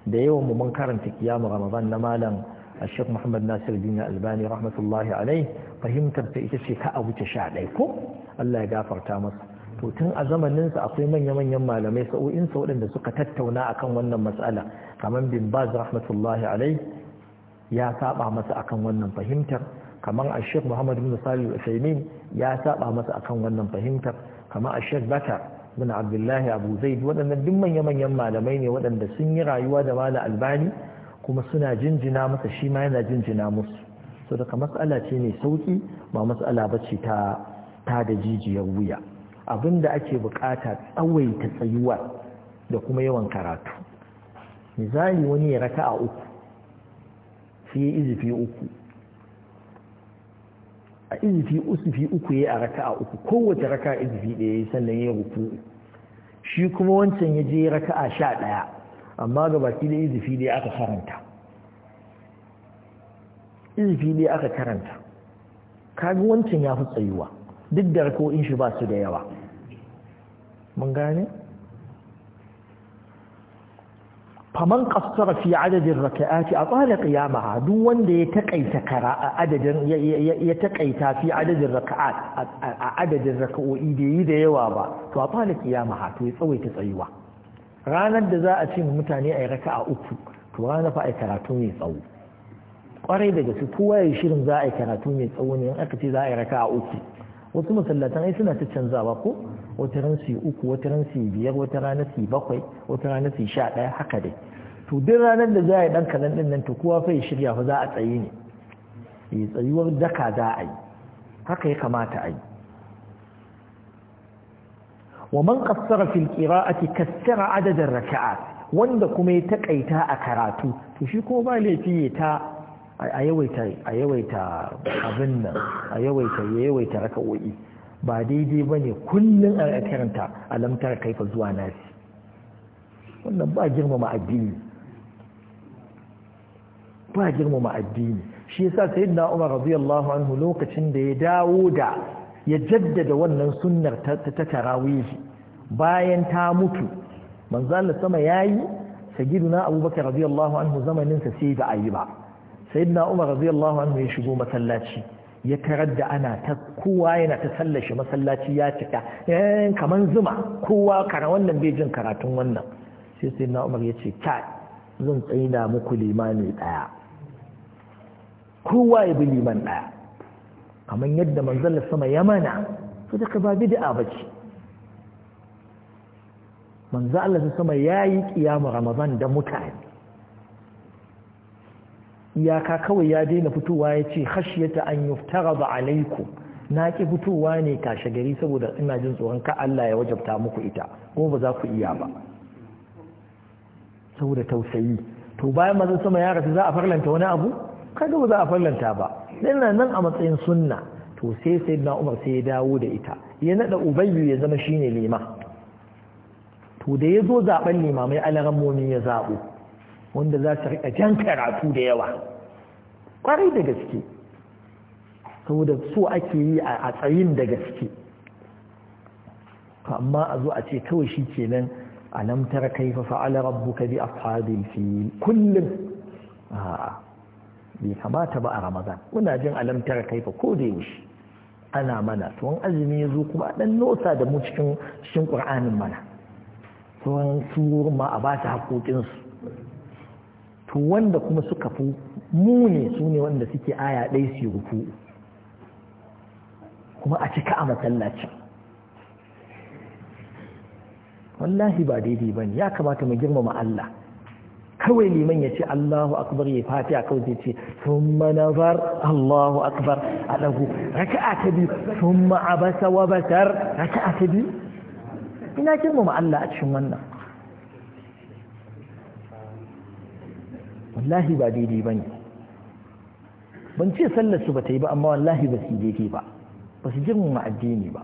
da yawan mu mun karanta kiyamu ramadan na malam الشيخ محمد ناصر الدين الألباني رحمة الله عليه fahimtar ta ita ce ka a wuce sha ɗaya ko Allah ya gafarta masa to tun a zamaninsa akwai manya-manyan malamai sa'o'insa waɗanda suka tattauna akan wannan matsala kamar bin baz rahmatullahi alai ya saba masa akan wannan fahimtar kamar a sheikh muhammad bin salih al-usaimin ya saba masa akan wannan fahimtar kamar a sheikh bata bin abdullahi abu zaid waɗannan duk manya-manyan malamai ne waɗanda sun yi rayuwa da mala albani kuma suna jinjina masa shi ma yana jinjina musu so daga matsala ce mai sauki ba matsala ba ce ta ta da jijiyar wuya abin da ake bukata tsawaita tsayuwa da kuma yawan karatu misali wani ya raka a uku fi yi izifi uku a izifi usufi uku ya a raka a uku kowace raka izifi ɗaya sannan ya ruku shi kuma wancan ya je raka a sha ɗaya amma ga baki da izifi ɗaya aka faranta ifi ne aka karanta kaga wancan ya fi tsayuwa duk da rako'in shi ba su da yawa mun gane faman qassara fi adadin raka'ati atala qiyamaha duk wanda ya takaita kara'a adadin ya takaita fi adadin raka'at a adadin raka'o'i da yi da yawa ba to atala qiyamaha to ya tsawaita tsayuwa ranar da za a ce mutane a yi raka'a uku to ranar fa ai karatu ne tsawo kwarai da gaske kowa ya shirin za a yi karatu mai tsawo ne in aka ce za a yi raka a uku wasu masallatan ai suna ta canzawa ko wata ran su uku wata ran su biyar wata rana su bakwai wata rana su sha ɗaya haka dai to duk ranar da za a yi ɗan kalan ɗin nan to kowa fa ya shirya fa za a tsaye ne eh, tsayuwar daka za a yi haka ya kamata a yi wa man qassara fil qira'ati kassara adadin raka'at wanda kuma ya takaita a karatu to shi ko ba laifi ta a yawaita abin nan a yawaita ya yawaita raka'o'i ba daidai ba ne kullum a karanta alamtar kaifa zuwa nasi wannan ba girmama addini ba girmama addini shi yasa sayyidina Umar radiyallahu anhu lokacin da ya dawo da ya jaddada wannan sunnar ta tarawihi bayan ta mutu manzo Allah sama yayi sayyidina Abubakar radiyallahu anhu zamanin sa sai ba ayi ba sayyidina umar radiyallahu anhu ya shigo masallaci ya tarar da ana ta kowa yana ta sallashi masallaci ya cika eh, kaman zuma kowa kana wannan bai jin karatun wannan sai sayyidina umar ya ce kai zan tsaina muku limani daya kowa ya bi liman daya kaman yadda manzon sama ya mana to da ba bid'a bace manzo Allah sama yayi kiyamu Ramadan da mutane iyaka kawai ya daina fitowa ya ce hashiyata an taraba alaiku na ki fitowa ne kashe gari saboda ina jin tsoron ka Allah ya wajabta muku ita ko ba za ku iya ba saboda tausayi to bayan mazan sama ya rasu za a farlanta wani abu kada ba za a farlanta ba dan nan a matsayin sunna to sai sai na Umar sai ya dawo da ita ya naɗa Ubayyu ya zama shine lima to da ya zo zaben limamai alaran mumin ya zaɓo. wanda za su riƙa jan karatu da yawa kwarai da gaske saboda so ake yi a tsayin da gaske amma a zo a ce kawai shi kenan nan tara fa fa'ala ka bi a fadin fil kullum a'a bai kamata ba a ramadan muna jin alam tara fa ko da yaushe ana mana tuwon azumi ya zo kuma dan nota da mu cikin cikin mana tuwon su ma a ba ta haƙoƙinsu to wanda kuma suka fi mune su ne wanda suke aya ɗaya su yi hutu kuma a cika a masallacin wallahi ba daidai ba ne ya kamata mu girmama Allah kawai liman ya ce Allahu akbar ya fati a kawai zai ce sun manazar Allahu akbar a ɗago a ta biyu sun ma'abasa wa basar a ta biyu ina girmama Allah a cikin wannan wallahi ba daidai ba ne ban ce sallarsu ba ta yi ba amma wallahi ba su daidai ba ba su girmama addini ba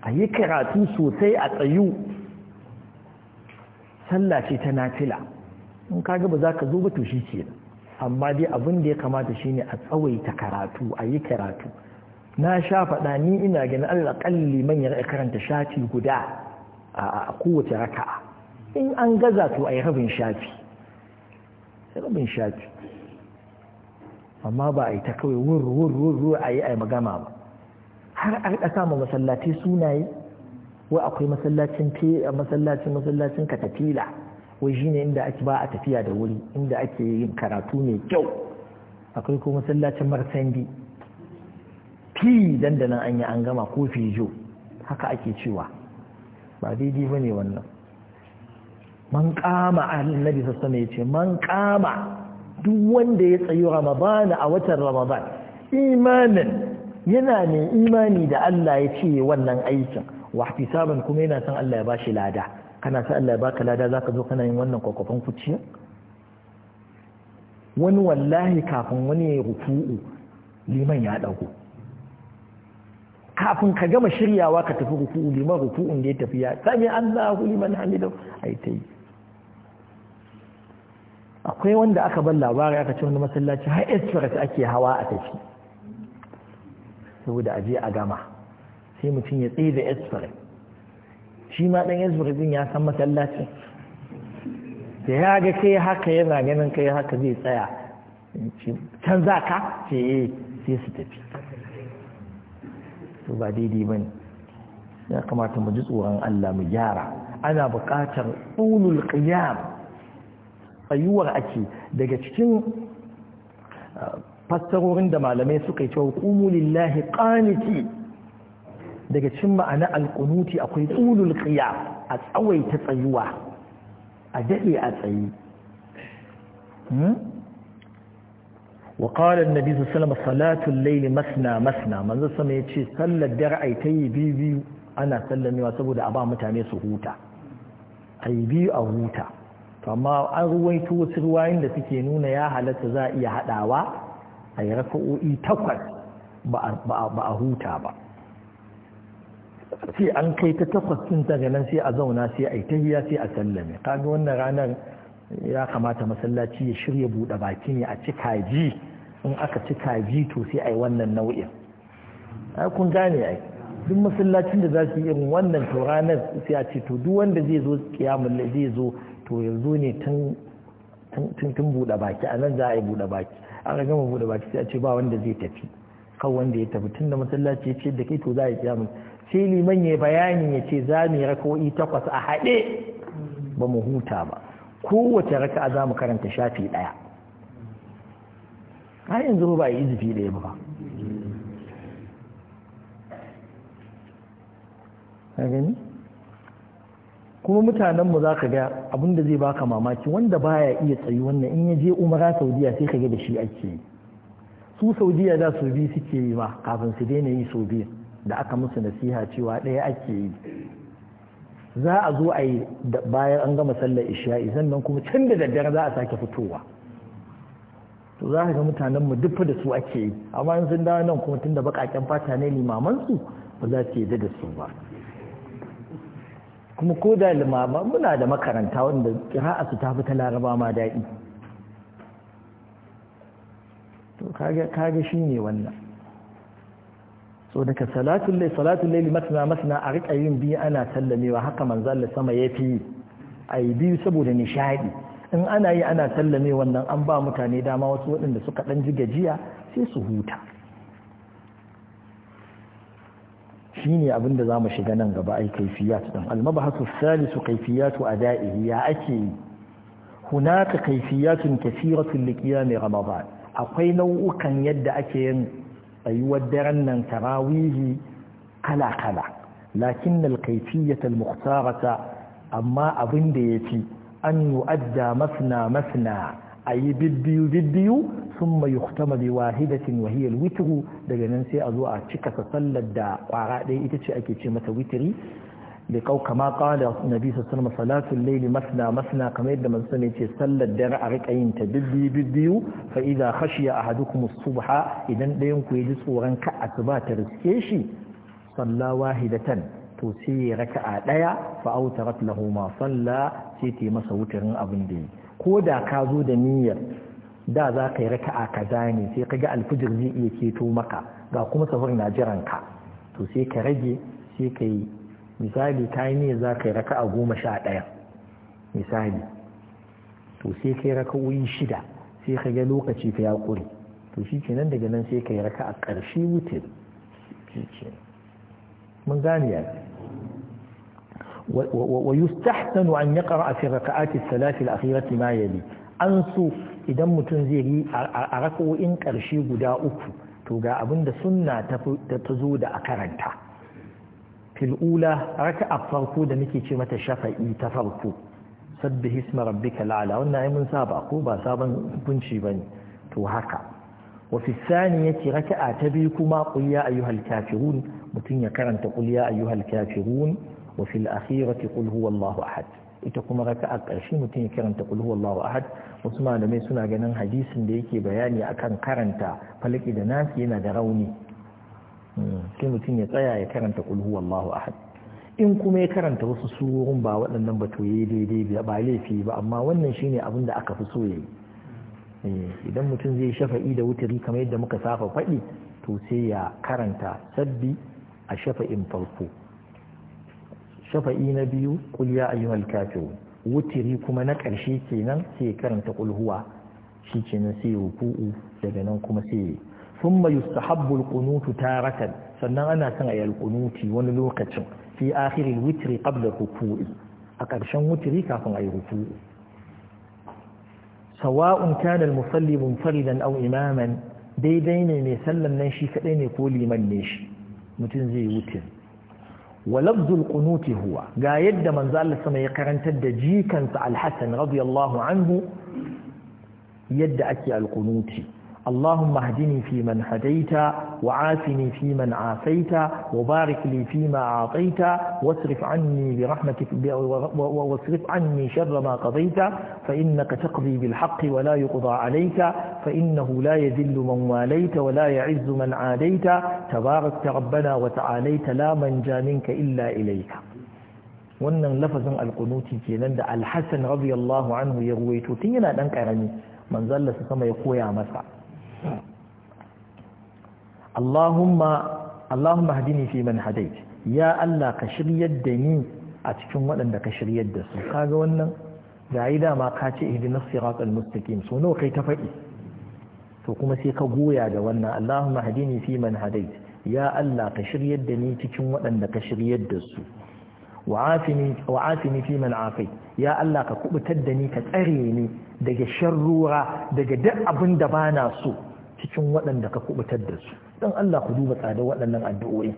a yi karatu sosai a tsayu sallah ce ta nafila in ka gaba za ka zo ba toshi shi amma dai abin da ya kamata shi ne a tsawaita karatu a yi karatu na sha faɗa ni ina ganin allah ƙalli manyan karanta shafi guda a kowace raka'a in an gaza to a yi rabin shafi rabin shafi amma ba a yi ta kawai wurwurwurwur a yi a magama ba har an ƙasa ma masallaci sunaye wa akwai masallacin masallacin masallacin katafila wai shi ne inda ake ba a tafiya da wuri inda ake yin karatu mai kyau akwai ko masallacin martandi fi dandanan an yi an gama ko fijo haka ake cewa ba daidai ba ne wannan man kama nabi sallallahu ya yace man kama duk wanda ya tsayi ramadana a watan ramadan imanin yana mai imani da Allah ya ce wannan aikin wa ihtisaban kuma yana san Allah ya bashi lada kana san Allah ya baka lada zaka zo kana yin wannan kokofan kuciya wani wallahi kafin wani ya rufu'u liman ya dago kafin ka gama shiryawa ka tafi rufu'u liman rufu'un da ya tafi ya sami Allahu liman hamidu ai akwai wanda aka ban labari aka ce wani masallaci har express ake hawa a tafi saboda aje a gama sai mutum ya tsaye da express shi ma dan express din ya san masallacin da ya ga kai haka yana ganin kai haka zai tsaya can za ka ce yi eh, sai su tafi to ba daidai ba ne ya kamata mu ji tsoron Allah mu gyara ana buƙatar ulul qiyam tsayuwar ake daga cikin uh, fassarorin da malamai suka yi cewa ƙumu lillahi ƙaniti daga cikin ma'ana alƙunuti akwai tsulul ƙiya a tsawai tsayuwa a daɗe a tsayi hmm? wa ƙawar da nabi sallama salatun laili masna masna manzo sama ya ce sallar dare a ta yi biyu biyu ana sallamewa saboda a ba mutane su huta a biyu a huta to amma an ruwaito wasu ruwayin da suke nuna ya halatta za a iya haɗawa a yi raka'o'i takwas ba a huta ba sai an kai ta takwas sun daga nan sai a zauna sai a yi tahiya sai a sallame kaga wannan ranar ya kamata masallaci ya shirya buɗe baki ya a ci kaji in aka ci kaji to sai a yi wannan nau'in ai kun gane ai duk masallacin da za su yi irin wannan to ranar sai a ce to duk wanda zai zo zai zo to yanzu ne tun buɗe baki a nan za a yi buɗe baki aka gama buɗe baki sai a ce ba wanda zai tafi kan wanda ya tafi tun da masallaci ya ce da kai to za a yi kiyamu sai liman ya bayani ya ce za mu yi raka'o'i takwas a haɗe ba mu huta ba kowace raka'a za mu karanta shafi ɗaya har yanzu ba a yi izifi ɗaya ba ka gani kuma mutanenmu za ka ga abin da zai baka mamaki wanda baya iya tsayi wannan in ya je umara saudiya sai ka ga da shi ake yi su saudiya da su biyu suke yi ma kafin su daina yi su bi da aka musu nasiha cewa ɗaya ake yi za a zo a yi bayan an gama sallar isha'i sannan kuma can da daddare za a sake fitowa to za ka ga mutanenmu duk da su ake yi amma in sun dawo nan kuma tunda baƙaƙen fata ne limaman su ba za su yi da su ba kuma ko da limama muna da makaranta wanda a su tafi ta laraba ma daɗi to kage shi ne wannan so daga salatun lai salatun lai masana masana a riƙa yin biyu ana sallamewa haka manzala sama ya fi a yi biyu saboda nishaɗi in ana yi ana tallame wannan an ba mutane dama wasu waɗanda suka ɗan ji gajiya sai su huta shine abin da zamu shiga nan gaba ai kaifiyat din al-mabhasu thalith a ada'ihi ya ake hunaka kaifiyatun kathiratun liqiyam ramadan akwai nau'ukan yadda ake yin ayuwar daren nan tarawihi kala kala lakin al-kaifiyat al-mukhtarata amma abin da ci an yu'adda masna masna a yi bibbiyu bibbiyu sun mai yuktama bi wahidatin wahiyar witru daga nan sai a zo a cika sallar da kwara ɗaya ita ce ake ce mata witiri da kau kama kala nabi sassan salatun laili masna masna kamar yadda masu ne ce sallar dare a riƙa yin ta bibbiyu bibbiyu fa iza khashiya kuma subha idan ɗayan ku ya ji tsoron ka asuba ta riske shi salla wahidatan to sai ya raka a ɗaya fa lahu ma salla sai ta masa wutarin abin da yi ko da ka zo da niyyar da za ka yi raka'a ka zane sai ka ga alfijir zai iya keto maka ga kuma safar na jiran ka to sai ka rage sai ka yi misali ka yi niyyar za ka yi raka'a goma sha ɗaya misali to sai ka yi raka'o'i shida sai ka ga lokaci ta ya ƙure to shi nan daga nan sai ka yi raka'a ƙarshe wutar shi mun gane ya ويستحسن أن يقرأ في الركعات الثلاث الأخيرة ما يلي أنسو إذا متنزيري أركو إن كرشي قدا أكو توقع أبند سنة تزود أكرنتا في الأولى ركع فرقو دا نكي كمة شفعي تفرقو سبه اسم ربك الأعلى وانا من سابع قوبا سابا كنشي بني توهكا وفي الثانية ركع تبيكما قل يا أيها الكافرون متن يكرنت قل يا أيها الكافرون wa fil akhirati qul huwallahu ahad ita kuma a ƙarshe mutum ya karanta qul ahad wasu malamai suna ganin hadisin da yake bayani akan karanta falaki da nasi yana da rauni hmm, sai mutum ya tsaya ya karanta kulhuwallahu ahad in kuma ya karanta wasu surorin ba waɗannan ba daidai ba laifi ba amma wannan shine abin da aka fi so yi. Eh, idan mutum zai shafa'i da wuturi kamar yadda muka saba faɗi to sai ya karanta sabbi a shafa'in farko shafa'i na biyu qul ya ayyuhal kafirun wutiri kuma na ƙarshe kenan sai karanta qul huwa shikenan sai ruku'u daga nan kuma sai thumma yustahabbu al-qunutu taratan sannan ana son ayi al-qunuti wani lokacin fi akhir al-witri qabla ruku'i a ƙarshen wutiri kafin ayi ruku'u sawa'un kana al-musalli munfaridan aw imaman daidai ne mai sallan nan shi kadai ne ko liman ne shi mutum zai wutiri. wa lafzul qunuti huwa ga yadda manzo ya karantar da jikansa al-Hasan anhu yadda ake al اللهم اهدني فيمن هديت وعافني فيمن عافيت وبارك لي فيما أعطيت واصرف عني برحمتك واصرف عني شر ما قضيت فإنك تقضي بالحق ولا يقضى عليك فإنه لا يذل من واليت ولا يعز من عاديت تبارك ربنا وتعاليت لا منجا منك إلا إليك wannan lafazin alkunuti kenan da alhassan radiyallahu anhu ya ruwaito tun yana dan karami manzon Allah sama ya koya masa Allahumma hadini fi man ya Allah ka shiryar da ni a cikin waɗanda ka shiryar da su kaga wannan ga yi dama ka ce ihdinas siratal mustaqim so nawa kai ta faɗi to kuma sai ka goya da wannan Allahumma hadini fi man hadait ya Allah ka shiryar da cikin waɗanda ka shiryar su wa'afini wa'afini man afai ya Allah ka kubutar dani ka tsare ni daga sharrura daga duk abin da bana so cikin waɗanda ka kubutar da su don Allah ku duba tsadar waɗannan addu'o'i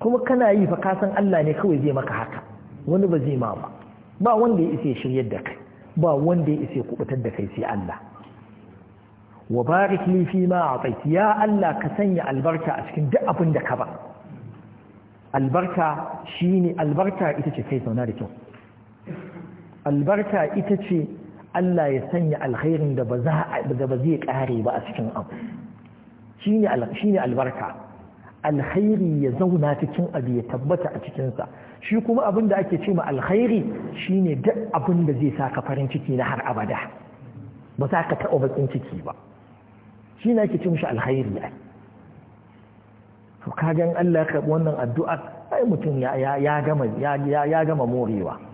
kuma kana yi fa kasan Allah ne kawai zai maka haka wani ba zai ma ba ba wanda ya isa shiryar da kai ba wanda ya isa kubutar da kai sai Allah wa barik li fi ma a'taita ya Allah ka sanya albarka a cikin duk abin da ka ba albarka shine albarka ita ce kai zauna da kyau albarka ita ce Allah ya sanya alkhairin da ba zai ƙare ba a cikin abu shi ne albarka alkhairi ya zauna cikin abu ya tabbata a cikinsa shi kuma abin da ake ce ma alkhairi shi ne duk abin da zai saka farin ciki na har abada ba za ka taɓa bakin ciki ba shi ne ake ce mashi alkhairi ai to kagan Allah ya karɓi wannan addu'a ai mutum ya gama morewa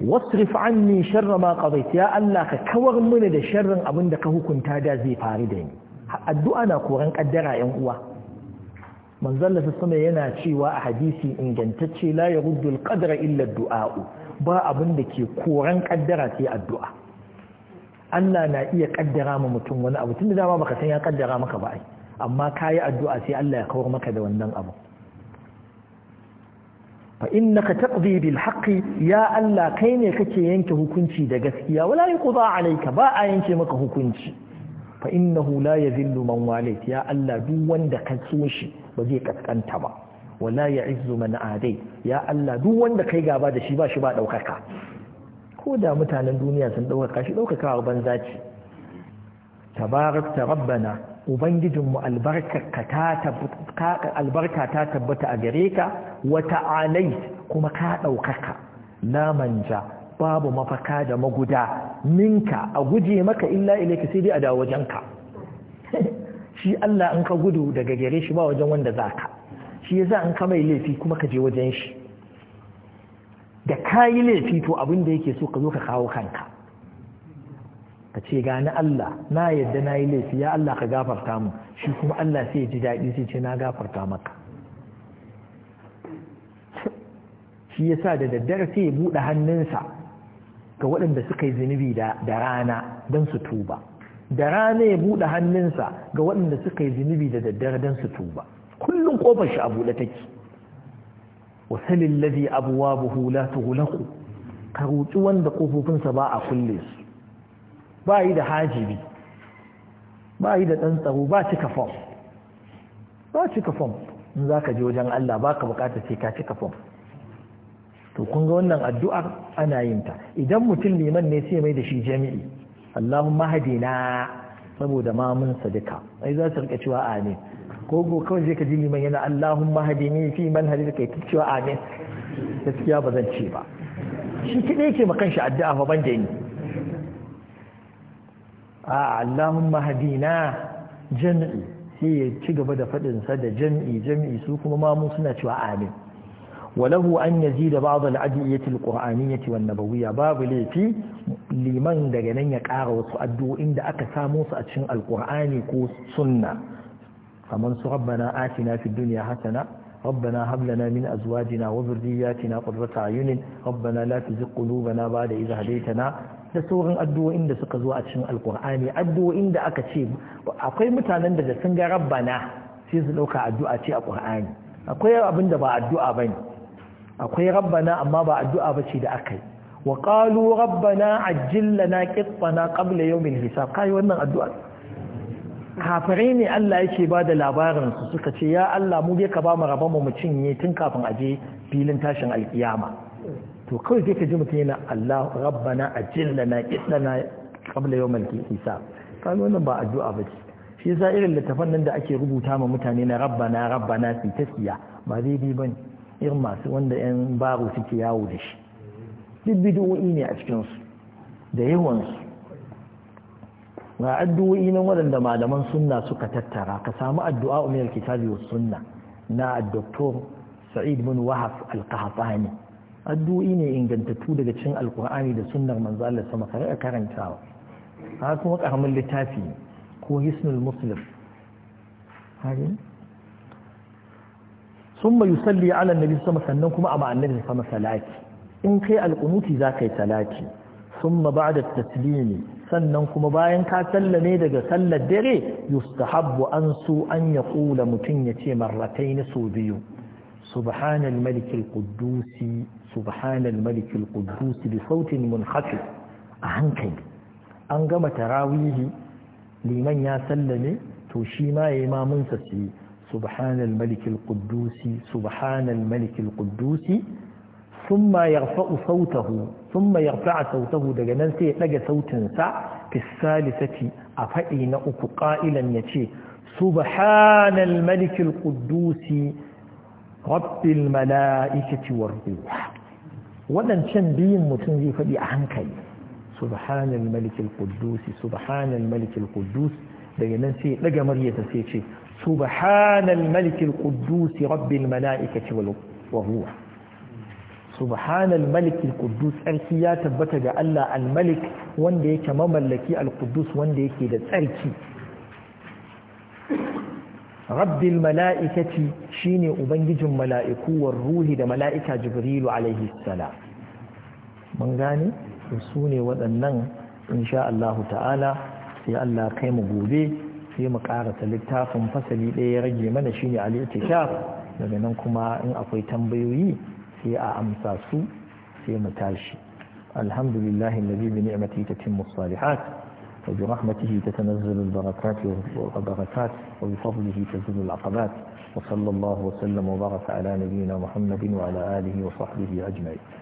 wasrif anni sharra ma qadait ya Allah ka kawar mini da sharrin abin da ka hukunta da zai faru da ni addu'a na koran kaddara yan uwa manzon Allah sama yana cewa a hadisi ingantacce la yaruddu kadara illa ad-du'a ba abin da ke koran kaddara sai addu'a Allah na iya kaddara ma mutum wani abu tunda dama baka san ya kaddara maka ba ai amma kayi addu'a sai Allah ya kawar maka da wannan abu fa innaka taqdi bil haqqi ya Allah kai ne kake yanke hukunci da gaskiya wala yuqda alayka ba a yanke maka hukunci fa hula la yazillu man walayt ya Allah duk wanda ka so shi ba zai kaskanta ba wala ya'izzu man adai ya Allah duk wanda kai gaba da shi ba shi ba ɗaukaka ko da mutanen duniya sun daukaka shi daukaka banza ce tabarakta rabbana ubangijinmu albarka ta tabbata a gare ka wata alai kuma ka ɗaukaka na manja babu mafaka da maguda minka a guje maka illa ilaika sai dai a dawo wajenka shi Allah in ka gudu daga gare shi ba wajen wanda za ka shi yasa in ka mai laifi kuma ka je wajen shi da ka yi laifi to abin da yake so ka zo ka kawo kanka ka ce gani Allah na yadda na yi laifi ya Allah ka gafarta mu shi kuma Allah sai ya ji daɗi sai ce na gafarta maka shi ya sa da daddare sai ya buɗe hannunsa ga waɗanda suka yi zunubi da rana don su tuba da rana ya buɗe hannunsa ga waɗanda suka yi zunubi da daddare don su tuba kullum kofar shi a buɗe take wasalin lazi abuwa buhu la tughlaqu ka wanda kofofinsa ba a kulle su ba yi da hajibi ba yi da ɗan tsaro ba cika fom ba cika fom in za ka je wajen Allah ba ka bukata ce ka cika fom to kun ga wannan addu'ar ana yin ta idan mutum liman ne sai mai da shi jami'i Allahumma hadina saboda mamun sadika ai za su rika cewa amin ko go kawai zai ka ji liman yana Allahumma hadini fi man kai ta cewa amin gaskiya ba zan ce ba shi kiɗe ke ma shi addu'a ba ban da ni a mahadi na? jam'i sai ya ci gaba da faɗin sa da jam'i jam'i su kuma mamu suna cewa amin walahu an yaji da ba'd al-adiyyati al-qur'aniyyati wan nabawiyya babu laifi liman daga nan ya ƙara wasu addu'o'in da aka samo su a cikin alqur'ani ko sunna kamar su rabbana atina fid dunya hasana ربنا هب لنا من أزواجنا وذرياتنا قرة أعين ربنا لا تزغ قلوبنا بعد إذ هديتنا da sauran addu'o'in da suka zo a cikin alkur'ani addu'o'in da aka ce akwai mutanen da sun ga rabbana sai su ɗauka addu'a ce a ƙur'ani akwai abin da ba addu'a ba ne akwai rabbana amma ba addu'a ba ce da aka yi wa ƙalu rabbana na lana ƙabla yau min hisab kayi wannan addu'a kafare ne Allah yake ba da labarin su suka ce ya Allah mu dai ka ba mu rabon mu cinye tun kafin aje filin tashin alkiyama to kawai sai ka ji mutum yana Allah rabbana ajillana qitna qabla yawmal hisab kan wannan ba addu'a ba ce shi yasa irin littafan nan da ake rubuta ma mutane na rabbana rabbana su ta siya ba daidai bane irin masu wanda yan baro suke yawo da shi duk bid'o'i ne a cikin su da yawan su ga addu'o'i nan waɗanda malaman sunna suka tattara ka samu addu'a umar kitabi wa sunna na ad sa'id bin wahab al-qahtani addu'i ne ingantattu daga cikin alkur'ani da sunnar manzo Allah sama kare karantawa ha kuma karamin littafi ko hisnul muslim hari summa yusalli ala annabi sama sannan kuma amma annabi sama salati in kai alqunuti zaka yi salati summa ba'da taslimi sannan kuma bayan ka sallame daga sallar dare yustahabbu an su an yaqula mutun yace marratayn su biyu سبحان الملك القدوس سبحان الملك القدوس بصوت منخفض أهنكي أنقم تراويه لمن يسلم توشيما إمام سسي سبحان الملك القدوس سبحان الملك القدوس ثم يرفع صوته ثم يرفع صوته دجنان سي لقى صوت سع في الثالثة أفئن أكو قائلا يتي سبحان الملك القدوس rabbil mala'ikati war ruh wadancan biyun mutum zai faɗi a hankali subhanal malikin kudusi subhanal malikin quddus daga nan sai daga maryata sai ce subhanal malikin kudusi rabbil mala'ikati wal ruh subhanal malikin quddus tsarki ya tabbata ga Allah al malik wanda yake mamallaki al kudus wanda yake da tsarki rabbil shi shine ubangijin mala'iku ruhi da mala'ika jibrilu alaihi salam mun gane su ne waɗannan insha allahu ta'ala sai Allah kai mu gobe sai mu karasa littafin fasali ɗaya ya rage mana shine ne daga nan kuma in akwai tambayoyi sai a amsa su sai mu tashi alhamdulillahi allazi bi ni'matihi tatimmu salihat وبرحمته تتنزل البركات والبركات وبفضله تزول العقبات وصلى الله وسلم وبارك على نبينا محمد وعلى آله وصحبه أجمعين